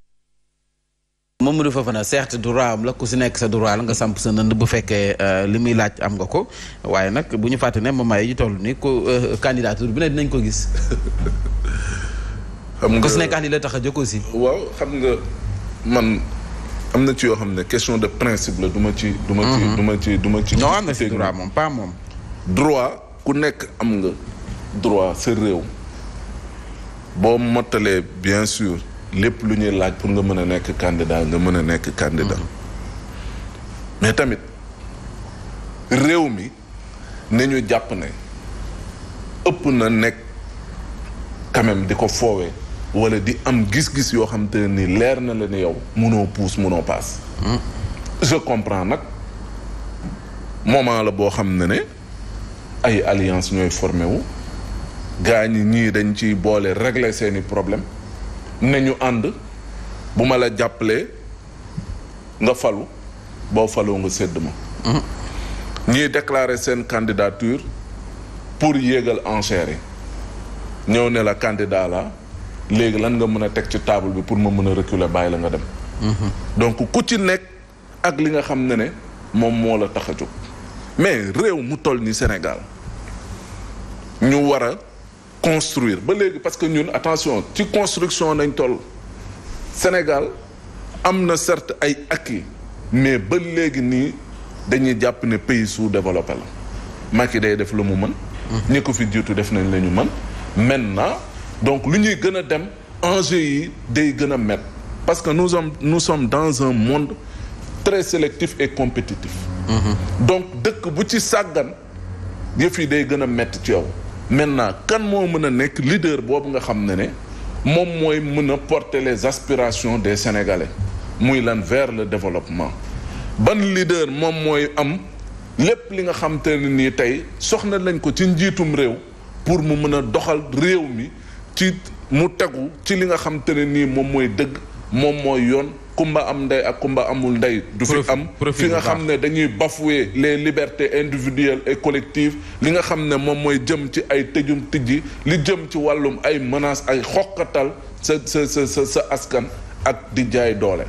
moom Mamadou Fofana certes droit am la ku si nekk sa droit la nga samp sa nënd bu fekkee euh, li muy laaj am nga ko waaye nag bu ñu fàtte ne moment yi toll nii ku euh, candidature bi ne dinañ ko gis. nga tax a jóg aussi. waaw xam nga man am na ci yoo xam ne question de principe la du ma ci. du ma ci mhm. du ma ci du ma ci. non am na ci droit moom pas moom. droit ku nekk am nga droit sa réew boo mottalee bien sûr lépp lu ñuy laaj pour nga mën a nekk candidat nga mën a nekk candidat. Mhm. mais tamit réew mi nañu jàpp ne ëpp na nekk quand même di ko foowee. wala di am gis-gis yoo xam te ni leer na la ne yow munoo puus munoo paas. Hmm. je comprends nag moment la boo xam ne ne ay alliance ñooy formé wu gaa ñi ñii dañ ciy boole régler seeni problème ne ñu ànd bu ma la jàppalee nga falu boo faloo nga sédd ma hmm. ñii déclarer seen candidature pour yéegal enchère yi ñëw ne la candidat la léegi lan nga mën a teg ci table bi pour ma mën a reculer bàyyi la nga dem. Mhm. donc ku ci nekk ak li nga xam ne ne moom moo la tax a jóg mais réew mu toll nii Sénégal ñu war a construire ba léegi parce que ñun attention ci construction nañ toll Sénégal am na certes ay acquis mais ba léegi nii dañuy jàpp ne pays sous-développé la Macky day def lu mu mën. Mhm. ñi ko fi jiitu def nañ la ñu mën maintenant. donc lu ñuy gën a dem enjeu yi day gën a met parce que nous sommes dans un monde très sélectif et compétitif. Mmh. donc dëkk bu ci sàggan yëf yi day gën a métti ci yow. maintenant kan moo mën a nekk leader boobu nga xam ne ne moom mooy mën a porter les aspirations des sénégalais muy lan vers le développement ban leader moom mooy am lépp li nga xam te ne nii tey soxna lañ ko ci njiitum réew pour mu mën a doxal réew mi. ci mu tegu ci li nga xam te ne nii moom mooy dëgg moom mooy yoon kumba am ndey ak kumba amul ndey du fi am fi nga xam ne dañuy bafouer les libertés individuelles et collectives li nga xam ne moom mooy jëm ci ay tëjum tijji li jëm ci wàllum ay menaces ay xoqatal sa sa sa sa askan ak di jaay doole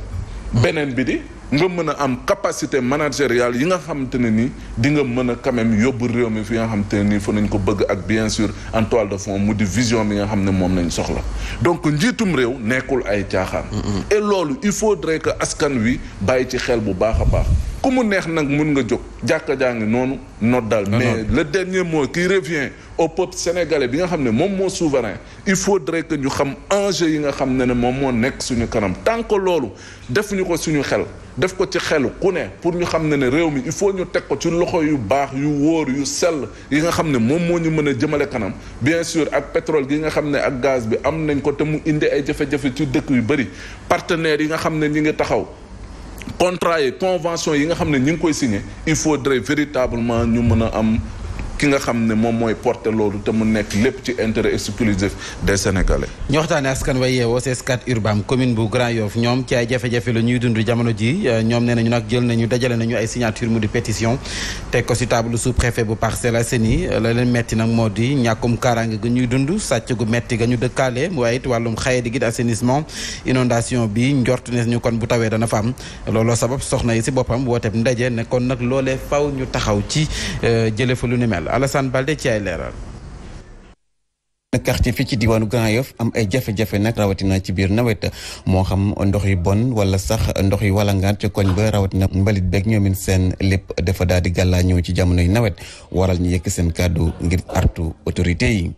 beneen bi di nga mën a am capacité managériale yi nga xamante ne nii di nga mën a quand yóbbu réew mi fi nga xamante ne nii fa nañ ko bëgg ak bien sur en toile de fond mu di vision bi nga xam ne moom nañ soxla donc njiitum réew nekkul ay caaxaan. e loolu il faudrait que askan wi bàyyi ci xel bu baax a baax. ku mu neex nag mun nga jóg jàkka jaa ngi noonu noddal mais le dernier mot qui revient au peuple sénégalais bi nga xam ne moom moo souverain il faudrait que ñu xam enjeu yi nga xam ne ne moom moo nekk suñu kanam tant que loolu defuñu ko suñu xel def ko ci xelu ku ne pour ñu xam ne ne réew mi il faut ñu teg ko ci loxo yu baax yu wóor yu sell yi nga xam ne moom moo ñu mën a jëmale kanam bien sûr ak pétrole gi nga xam ne ak gaz bi am nañ ko te mu indi ay jafe-jafe ci dëkk yu bëri partenaires yi nga xam ne ñi ngi taxaw contrat yi convention yi nga xam ne ñi ngi koy signé il faudrait véritablement ñu mën a am ki nga xam ne moom mooy porte loolu te mu nekk lépp ci intérêt exclusif des sénégalais. ñu waxtaanee askan wa yeewoo CS 4 Urbam commune bu Grand Yoff ñoom ci ay jafe-jafe la ñuy dund jamono ji euh, ñoom nee nañu nag jël nañu dajale nañu ay signature mu di pétition teg ko si table sous préfet bu Parcelles Assainies euh, la leen metti nag moo di ñàkkum kaaraange ga ñuy dund sàcc gu metti ga ñu dëkkaale waaye it wàllum xaye di gid assainissement inondation bi njort ne ñu kon bu tawee dana fa am looloo sabab soxna yi si boppam wooteeb ndaje ne kon nag loolee faw ñu taxaw ci euh, jële fa lu ni mel Sénégal Alassane Balde ci ay leeral. quartier fii ci diwaanu Grand Yoff am ay jafe-jafe nag rawatina ci biir nawet moo xam ndox yu bon wala sax ndox yu walangaan ci koñ ba rawatina mbalit beeg ñoomin seen lépp dafa daal di gàllaa ñëw ci jamonoy nawet wala ñu yëkk seen kàddu ngir artu autorité yi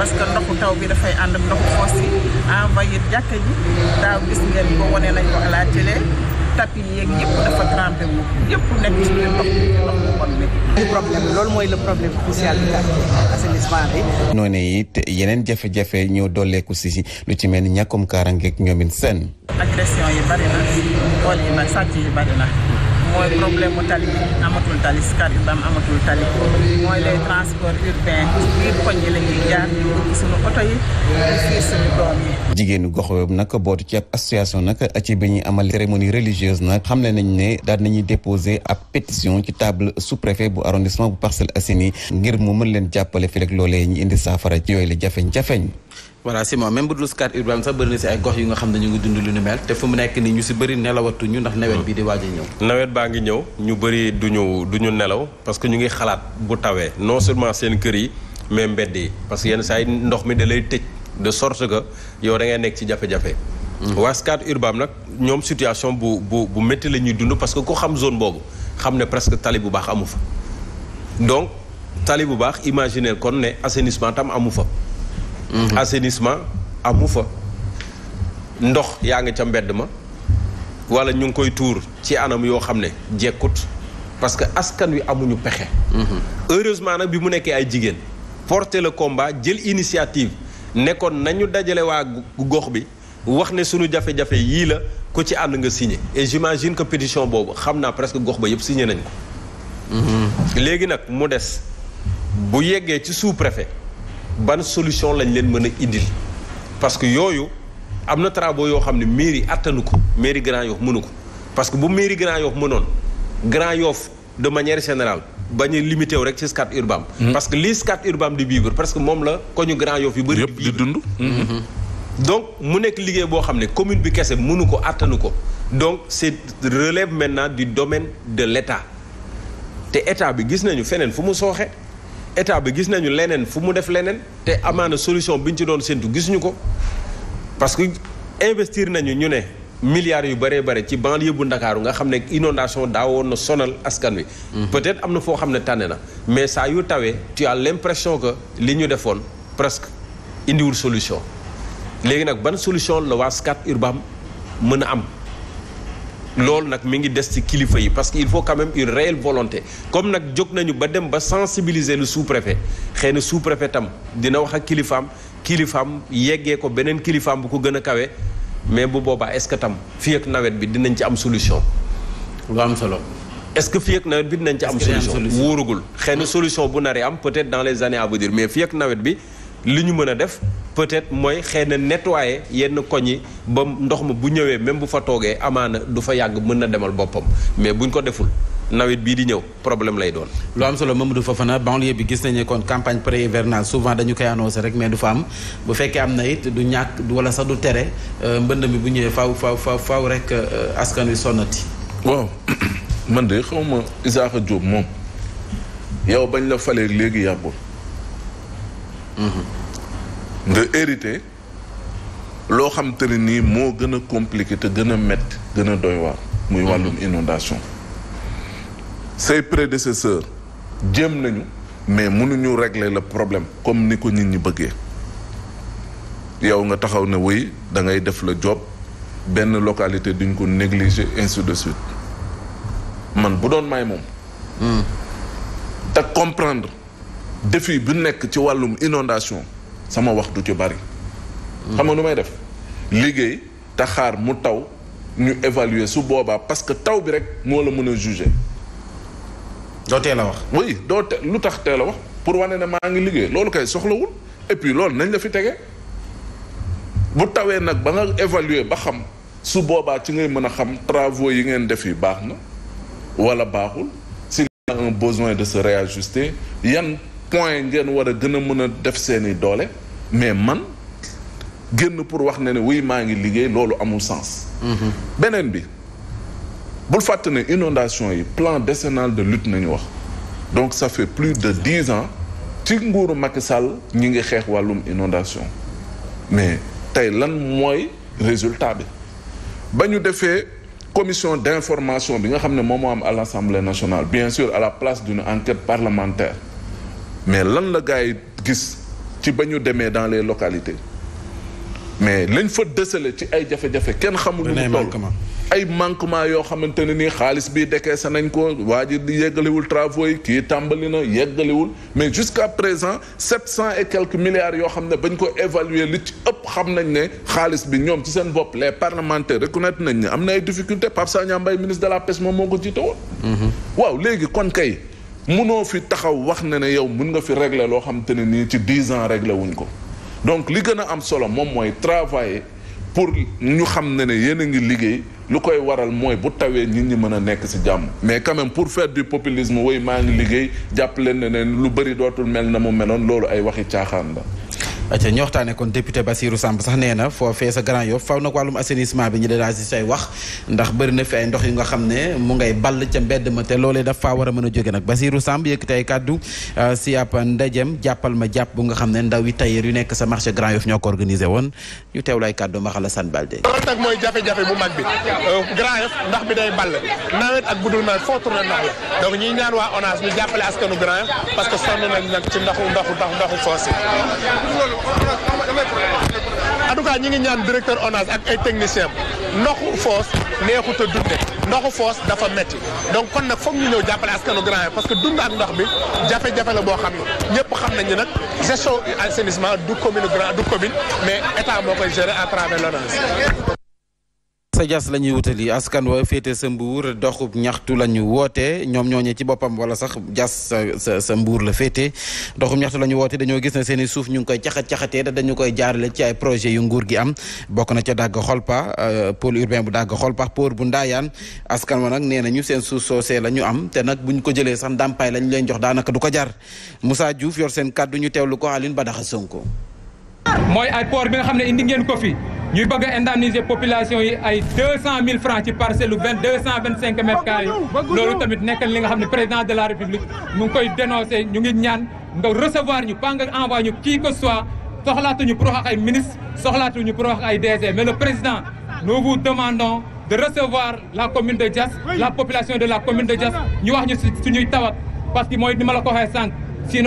parce que ndoxu taw bi dafay ànd ndoxu foos yi ah, envoyé jàkk ji daaw gis ngeen ko wane nañ ko tapis loolu mooy le problème crucial bi assainissement bi noonu it yeneen jafe-jafe ñoo dolleeku si lu ci mel ni ñàkkum kaarangeeg ñoomin seen agression yi bari na yi nag sàcc yi bari mooy problème mu tali amatul tali Scat Urbam amatul tali mooy les transports urbains ci biir koñ yi jaar di dugg oto yi di fiir suñu doom yi. nag bootu ci ab association nag ci bi ñuy cérémonie religieuse nag xamle nañ ne daal nañu déposer ab pétition ci table sous-préfet bu arrondissement bu Parcelles assini ngir mu mën leen jàppale fi rek loolee ñu indi saafara ci yooyu la jafeeñ jafeñ. voilà Simon même bu dul scat urbain sax bëri na si ay gox yu nga xam ne ñu ngi dund lu ni mel te fu mu nekk nii ñu si bëri nelawatuñu ndax nawet bi di waaj a ñëw nawet baa ngi ñëw ñu bëri duñu du ñu nelaw parce que ñu ngi xalaat bu tawee non seulement seen kër yi mais mbedd yi parce que yenn saa yi ndox mi da lay tëj de sorte que yow da ngay nekk ci jafe-jafe hmm. waa scat urbain nag ñoom situation bu bu bu métti la ñuy dund parce que ku xam zone boobu xam ne presque tali bu baax amu fa donc tali bu baax imaginer kon ne assainissement tam amu fa Mm-hmm. assainissement amu fa ndox yaa ngi ca mbedd ma wala ñu ngi koy tuur ci anam yoo xam ne jekkut parce que askan wi amuñu pexe mm-hmm. heureusement nag bi mu nekkee ay jigéen porter le combat jël initiative nekkoon nañu dajale waa gox bi wax ne suñu jafe-jafe yii la ku ci ànd nga signé et j'imagine que pétition boobu xam naa presque gox ba yëpp signé nañ ko mm-hmm. léegi nag mu des bu yeggee ci sous-préfet ban solution lañ leen mën a indil parce que yooyu am na trabo yoo xam ne mairie attanu ko mairie Grand Yoff mënu ko parce que bu mairie Grand Yoff mënoon Grand Yoff de manière générale ba a limité wu rek ci Scat Urbam. Hmm. parce que lii Scat Urbam di vivre parce que moom la ko ñu Grand Yoff yu bëri. yëpp di dund. Hmm. donc mu nekk liggéey boo xam ne commune bi kese mënu ko àttanu ko donc c'est relève maintenant di domaine de l'État te État bi gis nañu feneen fu mu sooxe. état bi gis nañu leneen fu mu def leneen te amaana solution bi ñu ci doon séntu gisuñu ko parce que investir nañu ñu ne milliards yu bëree bëri ci banlieue bu ndakaaru nga xam ne inondation daawoon na sonal askan wi. Mhm. peut-être am na foo xam ne tànnee na mais saa yu tawee tu as l'impression que li ñu defoon presque indiwul solution léegi nag ban solution la waa SCAT URBAM mën a am. loolu nag mi ngi des ci kilifa yi parce que il faut quand même une réelle volonté comme nag jóg nañu ba dem ba sensibiliser lu sous-préfet xëy na sous-préfet tam dina wax ak kilifaam kilifaam yeggee ko beneen kilifaam bu ko gën a kawe mais bu boobaa est-ce que tam fii nawet bi dinañ ci am solution. lu am solo. est-ce que fii ak nawet bi dinañ ci am. solution wóorugul xëy na solution bu naree am peut-être dans les années à venir mais fii ak nawet bi li ñu mën a def. peut-être mooy xëy na nettoyer yenn koñ yi ba ndox ma bu ñëwee même bu fa toogee amaana du fa yàgg mën na demal boppam mais buñ ko deful nawet bii di ñëw problème lay doon. lu am solo Mamadou Fofana banlieue bi gis nañu kon campagne pré-hivernale souvent dañu koy rek mais du fa am bu fekkee am na it du ñàkk wala sax du tere euh, mbënn mi bu ñëwee faaw faaw faaw rek euh, askan wi sonnati. waaw man de xaw ma Isaaxa Diop moom yow bañ la falee léegi yàggul. Mhm. nga hérité loo xam te ne nii moo gën a compliqué te gën a métti gën a doy waar muy wàllum inondation say prédécesseurs jéem nañu mais mënuñu régler le problème comme ni ko nit ñi bëggee yow nga taxaw ne wuy da ngay def la job benn localité duñ ko négliger ainsi de suite man bu doon may moom hmm. te comprendre défi bu nekk ci wàllum inondation sama wax du ci bari xam nga nu may def liggéey te xaar mu taw ñu évaluer su boobaa parce que taw bi rek moo la mën a juger doo teel a wax oui doo te lu tax teel a wax pour wane ne maa ngi liggéey loolu kay soxlawul et puis loolu nañ la fi tege bu tawee nag ba nga évaluer ba xam su boobaa ci ngay mën a xam travaux yi ngeen def yi baax na wala baaxul s'il y un besoin de se réajuster yan point ngeen war a gën a mën a def seeni doole mais man génn pour wax ne ne wuy maa ngi liggéey loolu amul sens mhm. beneen bi bul fàtte ne inondation yi plan décennal de lutte nañu wax donc ça fait plus de dix ans ci nguuru Macky Sall ñi ngi xeex wàllum inondation mais tey lan mooy résultat bi ba ñu defee commission d'information bi nga xam ne moom moo am à l'Assemblée nationale bien sûr à la place d'une enquête parlementaire mais lan la gars yi gis ci ba ñu demee dans les localités mais lañ fa dësale ci ay jafe-jafe kenn xamul lu mu toll ay manquement yoo xamante ne nii xaalis bi dekeese nañ ko waa ji yeggaliwul travaux yi kii tàmbali na yeggaliwul mais jusqu'à présent sept cent et quelques milliards yoo xam ne bañ ko évaluer li ci ëpp xam nañ ne xaalis bi ñoom ci seen bopp les parlementaires reconnaître nañ ne am na ay difficultés Pape Sagna Mbaye ministre de la pêche moom moo ko jiite woon mm-hmm. waaw léegi kon munoo fi taxaw wax ne ne yow mun nga fi régler loo xam te ne nii ci dix ans régler wuñ ko donc li gën a am solo moom mooy travailler pour ñu xam ne ne yéen a ngi liggéey lu koy waral mooy bu tawee nit ñi mën a nekk ci jàmm mais quand même pour faire du populisme woy maa ngi liggéey jàpp leen ne ne lu bëri dootul mel na mu meloon loolu ay waxi caaxaan la aca ñu waxtaane kon député Bassirou Samb sax nee na foofee sa Grand Yoff faw nag wàllum assainissement bi ñu daal si say wax ndax bëri na fi ay ndox yu nga xam ne mu ngay ball ca mbedd ma te loolee daf faa war a mën a jóge nag Bassirou Samb yëkkati ay kàddu euh, si ab ndajem jàppal ma jàpp bu nga xam ne ndaw yi tailleur yu nekk sa marché Grand Yoff ko organisé woon ñu teewlu ay kàddu Maxala San Balde loolu nag mooy jafe-jafe bu mag bi euh, Grand Yoff ndax bi day ball nawet ak budul nawet foo tourné ndox la donc ñuy ñaan waa ONAS ñu jàppale askanu Grand Yoff parce que nag ci ndoxu ndoxu ndoxu fossé en tout cas ñi ngi ñaan directeur ONAS ak ay technicien am ndoxu foos neexut a dunde ndoxu foos dafa metti donc kon nag foog ñu ñëw jàppale askanu Grand Yoff parce que dund ak ndox bi jafe-jafe la boo xam ne ñëpp xam nañ ni nag gestion assainissement du commune Grand du commune mais état moo koy gérer à travers l'ONAS sa la ñuy wutali askan wa féete sa mbuur doxub ñaxtu la ñu woote ñoom ñooñee ci boppam wala sax jas sa sa mbuur la féete doxub ñaxtu la ñu woote dañoo gis ne seen i suuf ñu ngi koy caxat-caxatee da dañu koy jaarale ci ay projet yu nguur gi am bokk na ca dàgg xolpa euh, pôle urbain bu dàgg xolpa pôle bu ndaayaan askan wa nag nee ñu seen suuf soosee la ñu am te nag buñ ko jëlee sax ndàmpaay lañ leen jox daanaka du ko jar musa Diouf yor seen kàddu ñu teewlu ko Aline Badara Sonko mooy ay port bi nga xam ne indi ngeen ko fi ñuy bëgg a indemniser population yi ay deux cent mille francs ci parcelle lu vingt deux cent vingt cinq mètres carrés loolu tamit nekk li nga xam ne président de la république mu ngi koy dénoncer ñu ngi ñaan nga recevoir ñu pas nga envoyé ñu qui que soit soxlaatuñu pour wax ay ministre soxlaatuñu pour wax ay DG mais le président nous vous demandons de recevoir la commune de Diass la population de la commune de Diass ñu wax ñu suñuy tawat parce que mooy ni ma la ko waxee sànq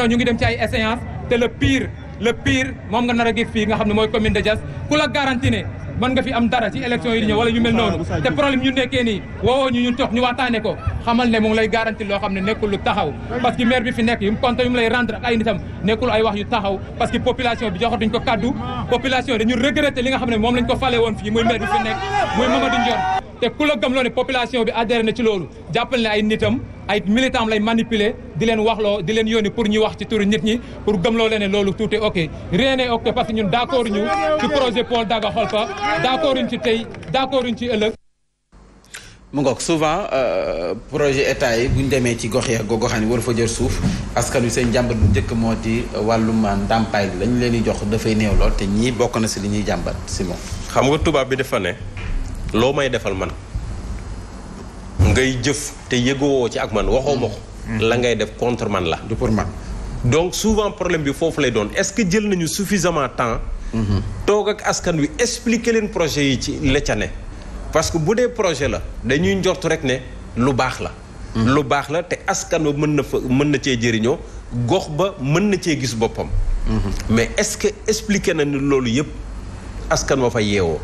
ñu ngi dem ci ay échéances le pire le pire moom nga nar a gis fii nga xam ne mooy commune de Diass ku la garanti ne mën nga fi am dara ci élection yi di ñëw wala ñu mel noonu te problème ñu nekkee nii woowoo ñu ñu toog ñu waxtaane ko xamal ne mu ngi lay garanti loo xam ne nekkul lu taxaw parce que maire bi fi nekk ko kaddu population dañu regretté li nga xam ne moom lañ ko fale woon fii muy maire bi fi nekk muy Mamadou Ndione te ku la gëm population bi adhéré na ci loolu jàppal ne nitam ay militants lay manipuler di leen waxloo di leen yónni pour ñuy wax ci turu nit ñi pour gëmloo leen ne loolu tuuti est ok rien n'est ok parce ñun d'accord ñu ci projet Paul Daga Kholpa d'accord ci tey d'accord ñu ci ëllëg. mu ngoog souvent euh, projet état yi bu ñu demee ci gox ya goxaan yi war fa jël suuf askan wi seen jàmbat bu njëkk moo di wàllum ndàmpaay bi lañ leen di jox dafay néew lool te ñii bokk na si li ñuy jàmbat Simon. xam nga tubaab bi dafa ne loo may defal man. ngay jëf te yëgowoo ci ak man waxoo ma ko mm. Mm. la ngay def contre man la pour man donc souvent problème bi foofu lay doon est-ce que jël nañu suffisamment temps mm-hmm. toog ak askan wi expliquer leen projet yi ci la ne parce que bu dee projet la dañuy njort rek ne lu baax la mm. lu baax la te askan wa mën na fa mën na cee jëriñoo gox ba mën na cee gis boppam mm-hmm. mais est-ce que expliquer na ni loolu yëpp askan wa fa yeewoo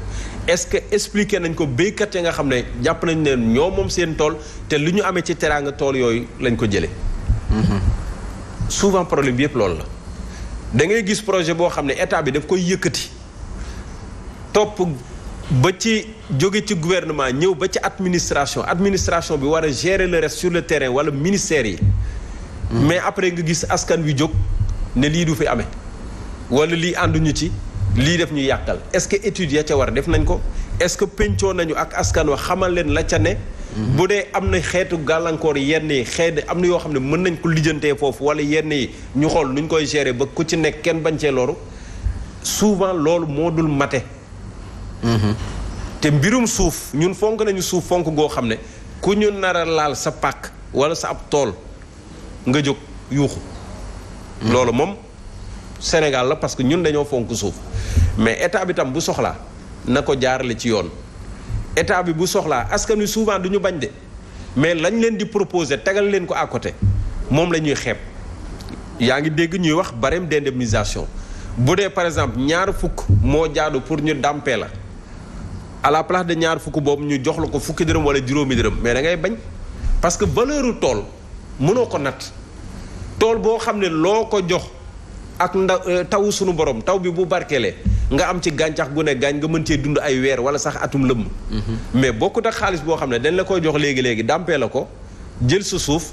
est-ce que expliqué nañ ko béykat yi nga xam ne jàpp nañ ne ñoo moom seen tool te lu ñu amee ci teraanga tool yooyu lañ ko jële souvent problème bi yëpp loolu la. da ngay gis projet boo xam ne état bi daf koy yëkkati topp ba ci jóge ci gouvernement ñëw ba ci administration administration bi war a gérer le reste sur le terrain wala ministère yi. Hmm. mais après nga gis askan wi jóg ne lii du fi amee. wala lii ànduñu ci. lii def ñu yàqal est-ce que étude ya ca war def nañ ko est-ce que pencoo nañu ak askan wa xamal leen la ca ne. bu dee am na xeetu gàllankoor yenn yi xeet am na yoo xam ne mën nañ ko lijjantee foofu wala yenn yi ñu xool nuñ koy gérer ba ku ci nekk kenn bañ cee loru souvent loolu moo dul mate. Mm-hmm. te mbirum suuf ñun fonk nañu suuf fonk goo xam ne ku ñu nar laal sa pàkk wala sa ab tool nga jóg yuuxu. Mm-hmm. loolu moom. Sénégal la parce que ñun dañoo fonk suuf mais état bi tam bu soxlaa na ko jaarale ci yoon état bi bu soxlaa askan wi souvent du ñu bañ de mais lañ leen di proposer tegal leen ko à côté moom la ñuy xeeb yaa ngi dégg ñuy wax barème d'indemnisation bu dee par exemple ñaar fukk moo jaadu pour ñu dàmpee la à la place de ñaar fukk boobu ñu jox la ko fukki dërëm wala juróomi dërëm mais da ngay bañ parce que valeuru tool mënoo ko natt tool boo xam ne loo ko jox ak ndaw eh, taw sunu borom taw bi bu barkelee nga am ci gàncax gu ne gaañ nga mën cee dund ay weer wala sax atum lëmm. Mhm. mais bokkut ak xaalis boo xam ne dañ la koy jox léegi léegi dàmpee la ko jël sa suuf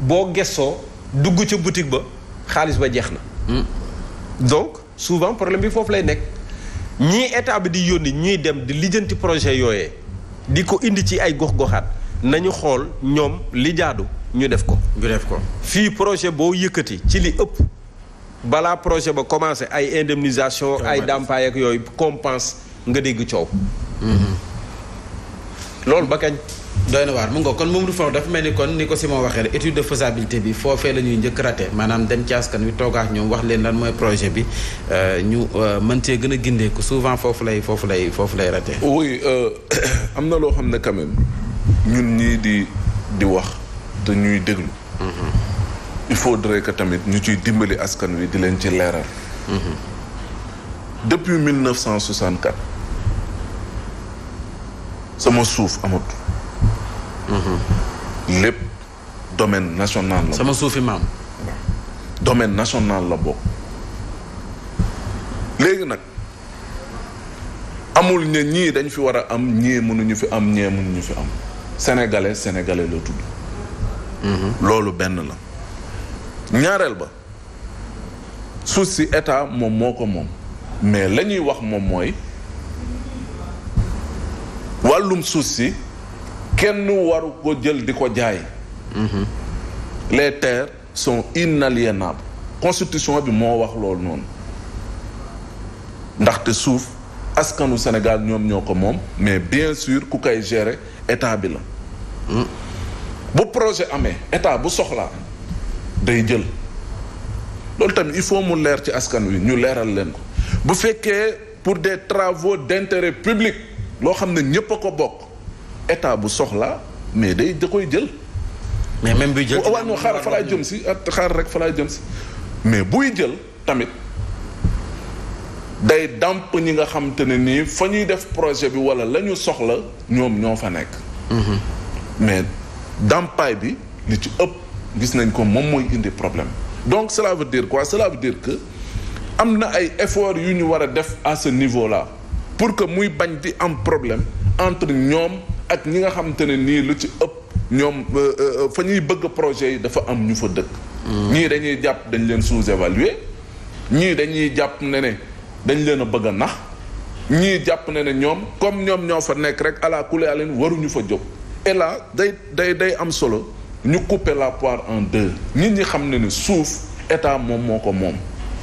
boo gessoo dugg ca boutique ba xaalis ba jeex na. Mm. donc souvent problème bi foofu lay nekk ñii état bi di yónni ñuy dem di lijjanti projet yooye di ko indi ci ay gox-goxaat nañu xool ñoom li jaadu ñu def ko. ko fii projet boo yëkkati ci li ëpp. balaa projet ba commencé ay indemnisation ay dàmpaay ak yooyu compense nga dégg coow. Mm-hmm. loolu ba kañ. doy na waar mu nga kon du Faw dafa mel ni kon ni ko Simon waxee étude de faisabilité bi foofee la ñuy njëkk raté maanaam dem ci kan wi toogaax ñoom wax leen lan mooy projet bi euh, ñu euh, mën cee gën a gindee ko souvent foofu lay foofu lay foofu lay raté. oui euh, am na loo xam ne quand ñun ñii di di wax te ñuy déglu. Mm-hmm. il faut faudrait que tamit ñu ciy dimbali askan wi di leen ci leeral. depuis 1964 sama suuf amatul. lépp domaine national la. sama suufi maam. domaine national la bokk. léegi nag amul ne ñii dañu fi war a am ñii mënuñu fi am ñee mënuñu fi am sénégalais sénégalais la tudd. Mhm. loolu benn la. ñaareel ba suuf si état moom moo ko moom mais la ñuy wax moom mooy wàllum suuf si kenn waru ko jël di ko jaay. Mhm. les terres sont inaliénables. constitution bi moo wax loolu noonu ndaxte suuf askanu Sénégal ñoom ñoo ko moom mais bien sûr ku koy gérer état bi la. Mm. bu projet amee état bu soxlaa. day jël loolu tamit il faut mu leer ci askan wi ñu leeral leen ko bu fekkee pour des travaux d'intérêt public loo xam ne ñépp a ko bokk état bu soxla mais day da koy jël mais même buy jël waaw non xaar fa jëm si ak xaar rek fa laa si mais buy jël tamit day dàmp ñi nga xam te ne nii fa ñuy def projet bi wala lañu soxla ñoom ñoo fa nekk mm-hmm. mais dàmpaay bi li ci ëpp gis nañ ko moom mooy indi problème donc cela veut dire quoi cela veut dire am na ay effort yu ñu war a def à ce niveau la pour que muy bañ di am problème entre ñoom ak ñi nga xamante ne nii lu ci ëpp ñoom euh, euh, euh, fa ñuy bëgg projet yi dafa am ñu fa dëkk mm. ñii dañuy jàpp dañ leen sous-évaluer ñii dañuy jàpp ne ne dañ leen a bëgg a nax ñii jàpp ne ne ñoom comme ñoom ñoo fa nekk rek ala kulli alin waruñu fa jóg et day day day am solo ñu couper la poire en deux nit ñi xam ne ni suuf état moom moo ko moom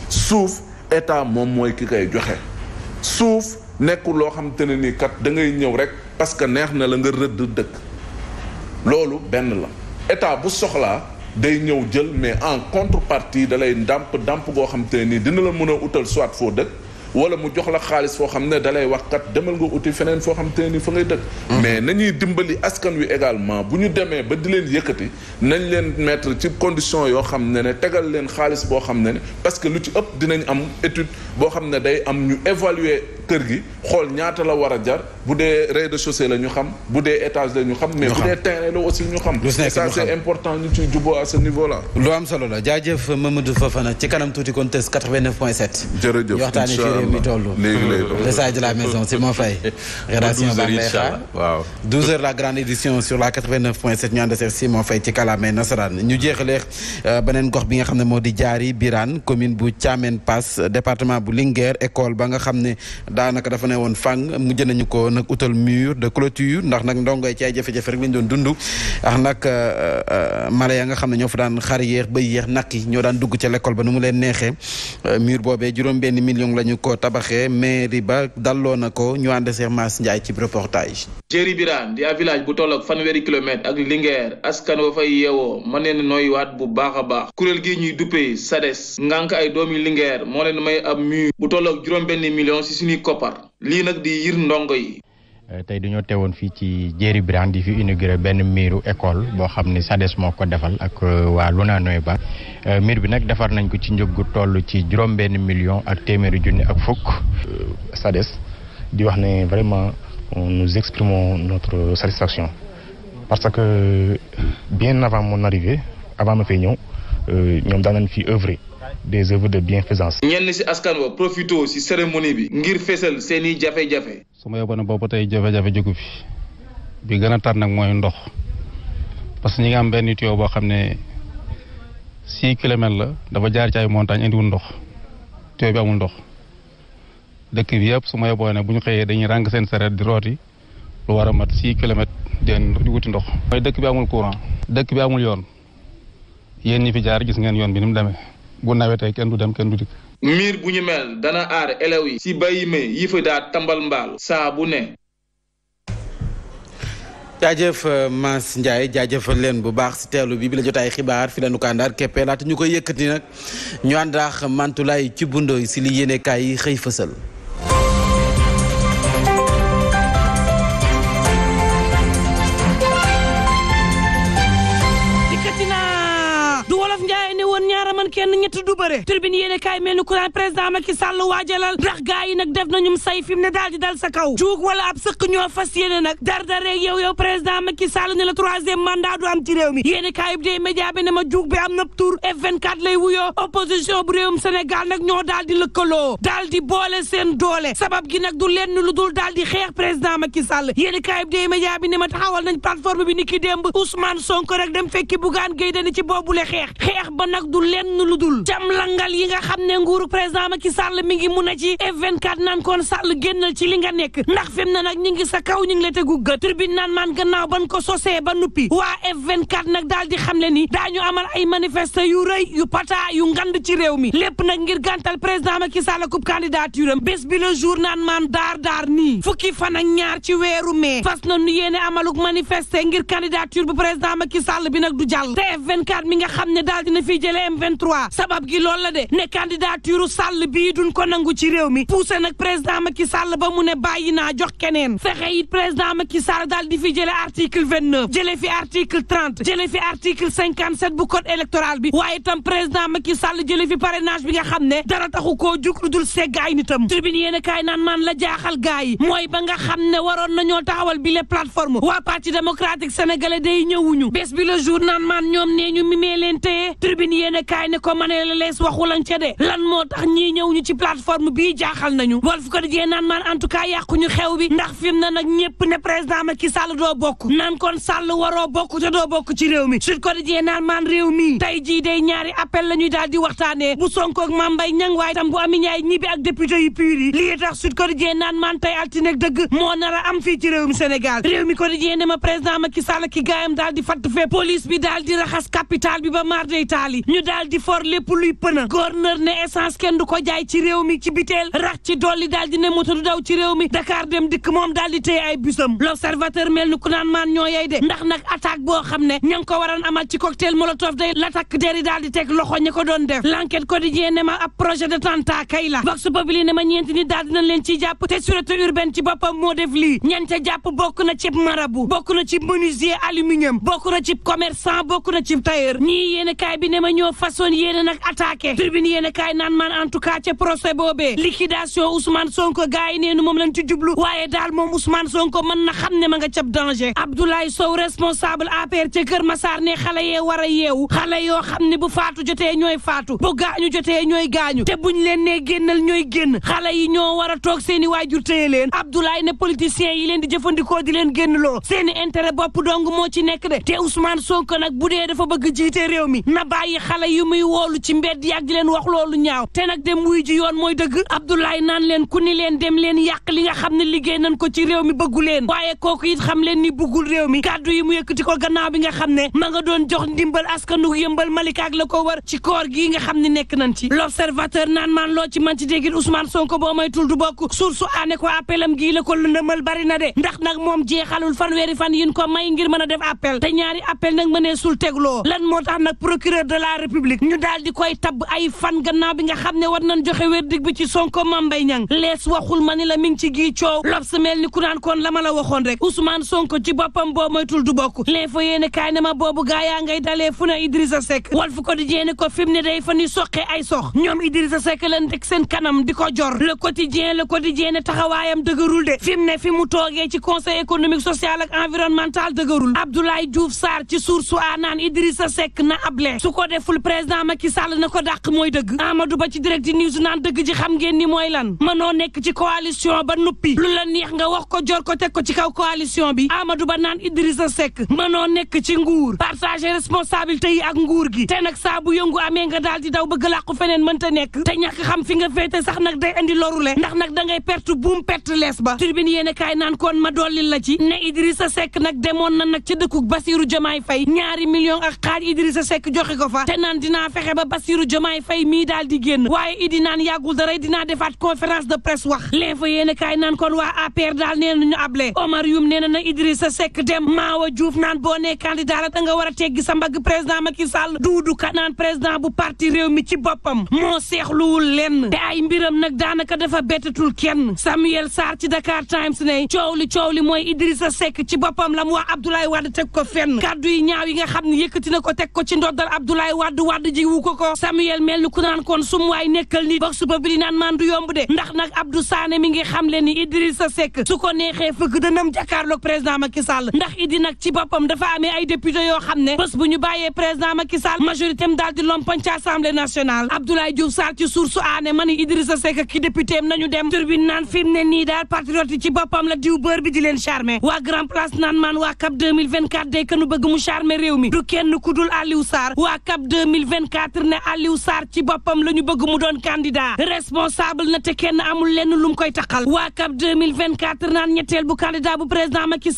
suuf état moom mooy ki kay joxe suuf nekkul loo xam te ne ni kat da ngay ñëw rek parce que neex na la nga rëdd dëkk loolu benn la état bu soxlaa day ñëw jël mais en contrepartie da lay ndàmp ndàmp goo xam te nii dina la mën a utal soit foo dëkk wala mu jox la xaalis foo xam ne dalay wax kat demal nga uti feneen foo xam te ni fa ngay dëkk. Mm-hmm. mais nañuy dimbali askan wi également bu ñu demee ba di leen yëkkati nañ leen mettre ci condition yoo xam ne ne tegal leen xaalis boo xam ne ne parce que lu ci ëpp dinañ am étude boo xam ne day am ñu évaluer. kër gi xool ñaata la war a jar bu dee rez-de-chaussée la ñu xam bu dee étage la ñu xam. mais bu dee terrain la aussi ñu xam. ça lu am solo la jaajëf Mamadou Fofana ci kanam tuuti kon tës 89.7. jërëjëf incha allah ñu waxtaanee fii réew mi toll. léegi lay doon la maison Simon Faye. rédaction la grande édition sur la 89.7 ñu ànd ak Simon Faye ci nasaraan ñu jeexalee euh, beneen gox bi nga xam ne moo di jaari Birane commune bu Thiamène Pass département bu Linguère école ba nga xam ne daanaka dafa ne woon fang mujj nañu ko nag utal mur de clôture ndax nag ndongoy ci ay jafe-jafe rek lañ doon dund ndax nag euh, euh, mala ya nga xam ne ñoo fa daan xar yéex ba yéex nag yi ñoo daan dugg ca l'école ba nu mu leen neexee euh, mur boobee juróom benn million la ñu ko tabaxee mairie ba dalloo na ko ñu ànd Cheikh Mass Ndiaye ci reportage Jéeri Birane di ab bu toll fan fanweeri kilomètre ak Linguère askan wa fay yeewoo mën neen waat bu baax a baax kuréel gi ñuy duppee SADES ngànk ay doomi Linguère moo leen may ab mur bu benn million koppar lii nag di yir ndongo yi. Euh, tey dañoo teewoon fii ci Jéeri Birane di fi inauguré benn miiru école boo xam ni des moo ko defal ak euh, waa Luna Noiba euh, miir bi nag defar nañ ko ci njëgu gu toll ci juróom benn million ak téeméeri junni ak fukk. SADES di wax ne vraiment nous exprimons notre satisfaction parce que bien avant mon arrivée avant ma fay ñëw ñoom daan fi œuvrer. des œuvres de bienfaisance. ñenn si askan wa profito si cérémonie bi ngir fesal seen i jafe-jafe. su ma yóbboo ne boobu tey jafe-jafe jógu fi bi gën a tar nag mooy ndox parce que ñi nga am benn tuyau boo xam ne six kilomètres la dafa jaar ci ay montagnes indiwul ndox tuyau bi amul ndox dëkk bi su ma yóbboo ne bu ñu xëyee dañuy ràng seen sareet di rooti lu war a mat six kilomètres den di wuti ndox. mooy dëkk bi amul courant. dëkk bi amul yoon yéen ñi fi jaar gis ngeen yoon bi nu mu demee. bu nawetee kenn du dem kenn du dikk. miir bu ñu mel dana aar elew yi. si bayi me yi fa daa tambal mbaal. saa bu ne. jaajëf euh, Mass njaay jaajëfal leen bu baax si teelu bii bi la jotaay xibaar fi la nu kàndaar keppe laata ñu koy yëkkati nag ñu àndaax mantulaay ci bundooy si li yéene kaay yi xëy fësal. kenn ñett du bëre turbine yéen kaay mel ni ku naan président Macky Sall waajalal ndax gaa yi nag def nañum say fi mu ne daal di dal sa kaw juug wala ab sëkk ñoo fas yéene nag dar dar rek yow président Macky Sall ne la troisième mandat am ci réew mi yéen kaay bi dee bi ne ma juug bi am na tur F24 lay wuyoo opposition bu réewum Sénégal nag ñoo daal di lëkkaloo daal di boole seen doole sabab gi nag du lenn lu dul daal di xeex président Macky Sall yéen kaay bi bi ne ma taxawal nañ plateforme bi ni ki démb Ousmane Sonko rek dem fekki Bougane ci boobule xeex xeex ba lu dul jam langal yi nga xam ne nguuru président Macky Sall mi ngi mun a ci F24 naan koon Sall génnal ci li nga nekk ndax fi mu nag ñi ngi sa kaw ñi ngi la tegu gët tribune naan maan gannaaw ban ko sosee ba nuppi waa F24 nag daal di xam le ni daañu amal ay manifeste yu rëy yu pata yu ngand ci réew mi lépp nag ngir gàntal président Macky Sall kub candidature am bés bi le jour naan maan fan ak ci weeru mai fas na nu yéene amaluk manifeste ngir candidature bu président Macky Sall bi nag du jàll te F24 mi nga xam ne daal dina fi jële M23 3 sabab gi loolu la de ne candidature Sall bii duñ ko nangu ci réew mi poussé nag président Macky Sall ba mu ne bàyyi naa jox keneen fexe it président Macky Sall daal di fi jëlee article 29 jëlee fi article 30 jëlee fi article 57 bu code électoral bi waaye itam président Macky Sall jëlee fi parrainage bi nga xam ne dara taxu ko jug lu dul segg ay nitam tribune yéen a naan maan la jaaxal gaay mooy ba nga xam ne waroon nañoo taxawal bi les plateforme waa parti a ne ko ma ne la lees waxu lañ ca de lan moo tax ñii ñëw ñu ci plateforme bii jaaxal nañu Walf Quotidien naan maan en tout cas yàqu ñu xew bi ndax fi mu ne nag ñëpp ne président Macky Sall doo bokk naan kon Sall waroo bokk te doo bokk ci réew mi Sud Quotidien naan maan réew mi tey jii day ñaari appel la ñuy daal di waxtaanee bu Sonko ak Mame Mbaye tam bu Amy Ndiaye ñibbi ak député yu pur yi lii tax Sud Quotidien naan maan tey altine dëgg moo nar am fii ci réew mi Sénégal réew mi Quotidien ma président Macky Sall ki gaayam daal di fatt fee bi daal di raxas capital bi ba maar day taali for lépp luy pëna gouverneur ne essence kenn du ko jaay ci réew mi ci biteel rax ci dolli daal di ne moto du daw ci réew mi Dakar dem dikk moom daal di ay busam l'observateur mel ni ku naan maan ñoo yey de ndax nag attaque boo xam ne ña ngi ko waroon amal ci cocktail molotov day l'attaque der yi daal di teg loxo ña ko doon def l'enquête quotidien ne ma ab projet de tenta kay la vox populi ne ma ñeenti nit daal dinañ leen ciy jàpp te sûreté urbaine ci boppam moo def lii ñan man yéene nag attaqué tribune yéene kaay naan man en tout cas ca procès boobee liquidation Ousmane Sonko gars yi nee nu moom lañ ci jublu waaye daal moom Ousmane Sonko mën na xam ne ma nga cab danger Abdoulaye Sow responsable APR ca Kër Massar ne xale yee war a yeewu xale yoo xam ne bu faatu jotee ñooy faatu bu gaañu jotee ñooy gaañu te buñ leen nee génnal ñooy génn xale yi ñoo war a toog seen i waajur téye leen Abdoulaye ne politiciens yi leen di jëfandikoo di leen génnloo seen i bopp dong moo ci nekk de te Ousmane Sonko nag bu dee dafa bëgg jiite réew mi koy woolu ci mbedd yàgg leen wax loolu ñaaw te nag dem wuy ji yoon mooy dëgg Abdoulaye naan ku ni leen dem leen yàq li nga xam ne liggéey nan ko ci réew mi bëggu leen waaye kooku it xam leen ni bëggul réew mi kàddu yi mu yëkkati ko gannaaw bi nga xam ne ma nga doon jox ndimbal askanu yëmbal Malika ak la ko war ci koor gii nga xam ne nekk nañ ci l'observateur naan maan loo ci man ci déggit Ousmane Sonko boo may tul du bokk source aane ko appelam gii la ko lëndëmal bari na de ndax nag moom jeexalul fanweeri fan yin ko may ngir mën a def appel te ñaari appel nag lan moo tax nag procureur ñu daal di koy tabb ay fan gannaaw bi nga xam ne war nañ joxe dig bi ci Sonko Mame Mbaye Niang lees waxul ma ni la mi ngi ci gii coow L'Obs mel ni ku naan kon la ma la waxoon rek Ousmane Sonko ci boppam boo moytul du bokk l'info yéene kaay na ma boobu gaa yaa ngay dalee fu ne Idrissa sek wal fu ko di ko mu ne day fan ni soqe ay sox ñoom Idrissa Seck lan teg seen kanam di ko jor Le Quotidien Le Quotidien taxawaayam dëgërul de fi mu ne fi mu toogee ci conseil économique social ak environnemental dëgërul Abdoulaye Diouf Sarr ci Source A naan Idrissa Seck na able su ko deful président président Macky Sall na ko dàq mooy dëgg Amadou Ba ci direct news naan dëgg ji xam ngeen ni mooy lan mënoo nekk ci coalition ba nuppi lu la neex nga wax ko jor ko teg ko ci kaw coalition bi Amadou Ba naan Idrissa Seck mënoo nekk ci nguur partager responsabilité yi ak nguur gi te nag saa bu yëngu amee nga daal di daw bëgg làqu feneen mënta nekk te ñàkk xam fi nga féete sax nag day indi le ndax nag da ngay perte buum perte lees ba turbine yéen kaay naan kon ma la ci ne Idrissa Seck na nag ca dëkkuk Bassirou Diomaye Faye ñaari million ak xaaj Idrissa Seck joxe ko fa te fexe ba Bassirou Diomaye fay mii daal di génn waaye idi naan yàggul dara dinaa defaat conférence de presse wax l'info yéen kaay naan kon waa APR daal nee nañu able Omar Youm na na Idrissa Seck dem Maawa Diouf naan boo nee candidat la da nga war a teggi sa mbagg président Macky Sall Doudou Ka naan président bu parti réew mi ci boppam moo seexluwul lenn te ay mbiram nag daanaka dafa bettatul kenn Samuel Sarr ci Dakar Times ne coow li coow li mooy Idrissa Seck ci boppam la mu wax Abdoulaye Wade teg ko fenn kaddu yi nga xam ne yëkkati na ko teg ko ci ndoddal Abdoulaye Wade kiiwu ko ko mel ni ku kon sum waay nekkal ni vox populi naan man du yomb de ndax nag Abdou Sané mi ngi xam ni Idrissa Seck su ko neexee fëgg dënam jàkkaarloog président Macky Sall ndax Idi nag ci boppam dafa amee ay député yoo xam ne bés bu ñu bàyyee président Macky Sall majorité am daal di lompoñ ci assemblée nationale Abdoulaye Diouf Sarr ci source aane man Idrissa Seck ki député nañu dem turbine naan fi mu daal patriote ci boppam la diw vingt-quatre ne Aliou Sarr ci boppam la ñu bëgg mu doon candidat responsable na te kenn amul lenn lu koy taxal waa CAP naan ñetteel bu candidat bu président Macky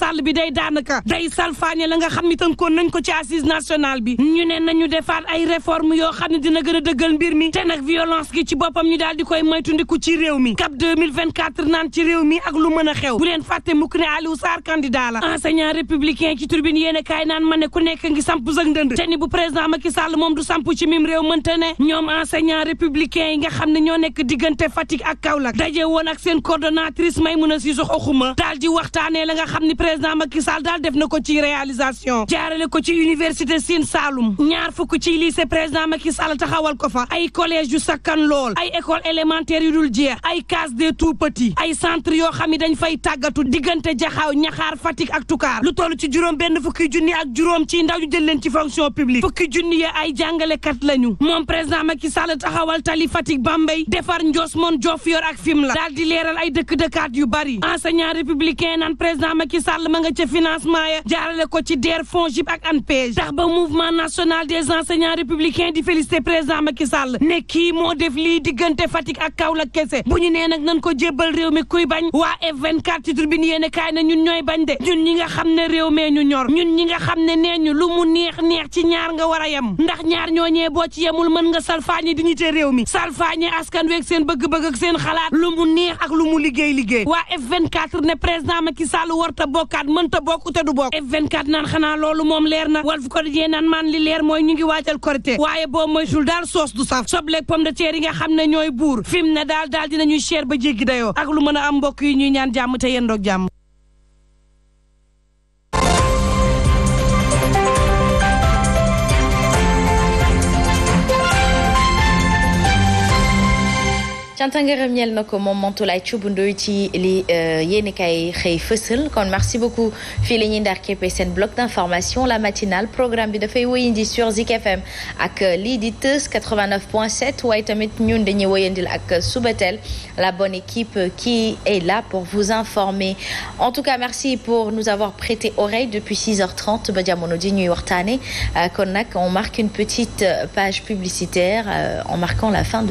la moom du samp ci mim réew mënta ne ñoom enseignant républicain yi nga xam ne ñoo nekk diggante Fatick ak Kaolack daje woon ak seen coordonnatrice Maïmouna Sissokho Okouma daal ji waxtaanee la nga xam ni président Macky Sall daal def na ko ci réalisation jaarale ko ci université Sine salum ñaar fukk ci lycée président Macky Sall taxawal ko fa ay collège yu sakkan lool ay école élémentaire yu dul jeex ay case de tout petits ay centre yoo xam ni dañ fay tàggatu diggante jaxaw ñaxaar Fatick ak Toucar lu toll ci juróom benn fukki junni ak juróom ci ndaw ñu jël leen ci fonction publique fukki junni ya ay jàngale liggéeykat lañu moom président Macky Sall taxawal tali Fatick Bambey defar Ndiosmone Diofior ak Fimela daal di leeral ay dëkk-dëkkaat yu bari enseignant républicain naan président Macky Sall ma nga ca financement ya jaarale ko ci DER FONGIP ak ANPEJ tax ba mouvement national des enseignants républicains di féliciter président Macky Sall ne kii moo def li diggante Fatick ak Kaolack kese bu ñu nee nag nañ ko jébbal réew mi kuy bañ waa F24 ci tribune yéen kaay na ñun ñooy de ñi nga xam ne réew mee ñu ñor ñun ñi nga xam ne nee ñu lu mu neex neex ci ñaar nga war a yem ñee boo ci yemul mën nga salfaañe dignité réew mi salfaañe askan weeg seen bëgg-bëgg ak seen xalaat lu mu neex ak lu mu liggéey liggéey waa F24 ne président Macky war ta bokkaat mënta bokk te du bokk F24 naan xanaa loolu moom leer na Walf Quotidien naan maan li leer mooy ñu ngi waajal korité waaye boo moytul daal soos du saf soble pomme de terre yi nga xam ne ñooy buur fi mu ne daal daal dinañuy cher ba jéggi dayoo ak lu mën a am mbokk yi ñuy ñaan jàmm te yendoog jàmm canta ngërëm ñeel na ko moom Mantoulaye Thioub Ndoye ci li euh, yéeni kay xëy fësal kon merci beaucoup fii la ñuy ndar képpe seen bloc d'information la matinale programme bi dafay wëyandi sur Zik FM ak euh, lii di tës 89.7 waaye tamit ñun dañuy wëyandil ak euh, Subatel la bonne équipe qui est là pour vous informer en tout cas pour nous avoir prêté oreille depuis 6 h ba jamono ji ñuy waxtaane kon nag on marque une petite publicitaire en marquant la fin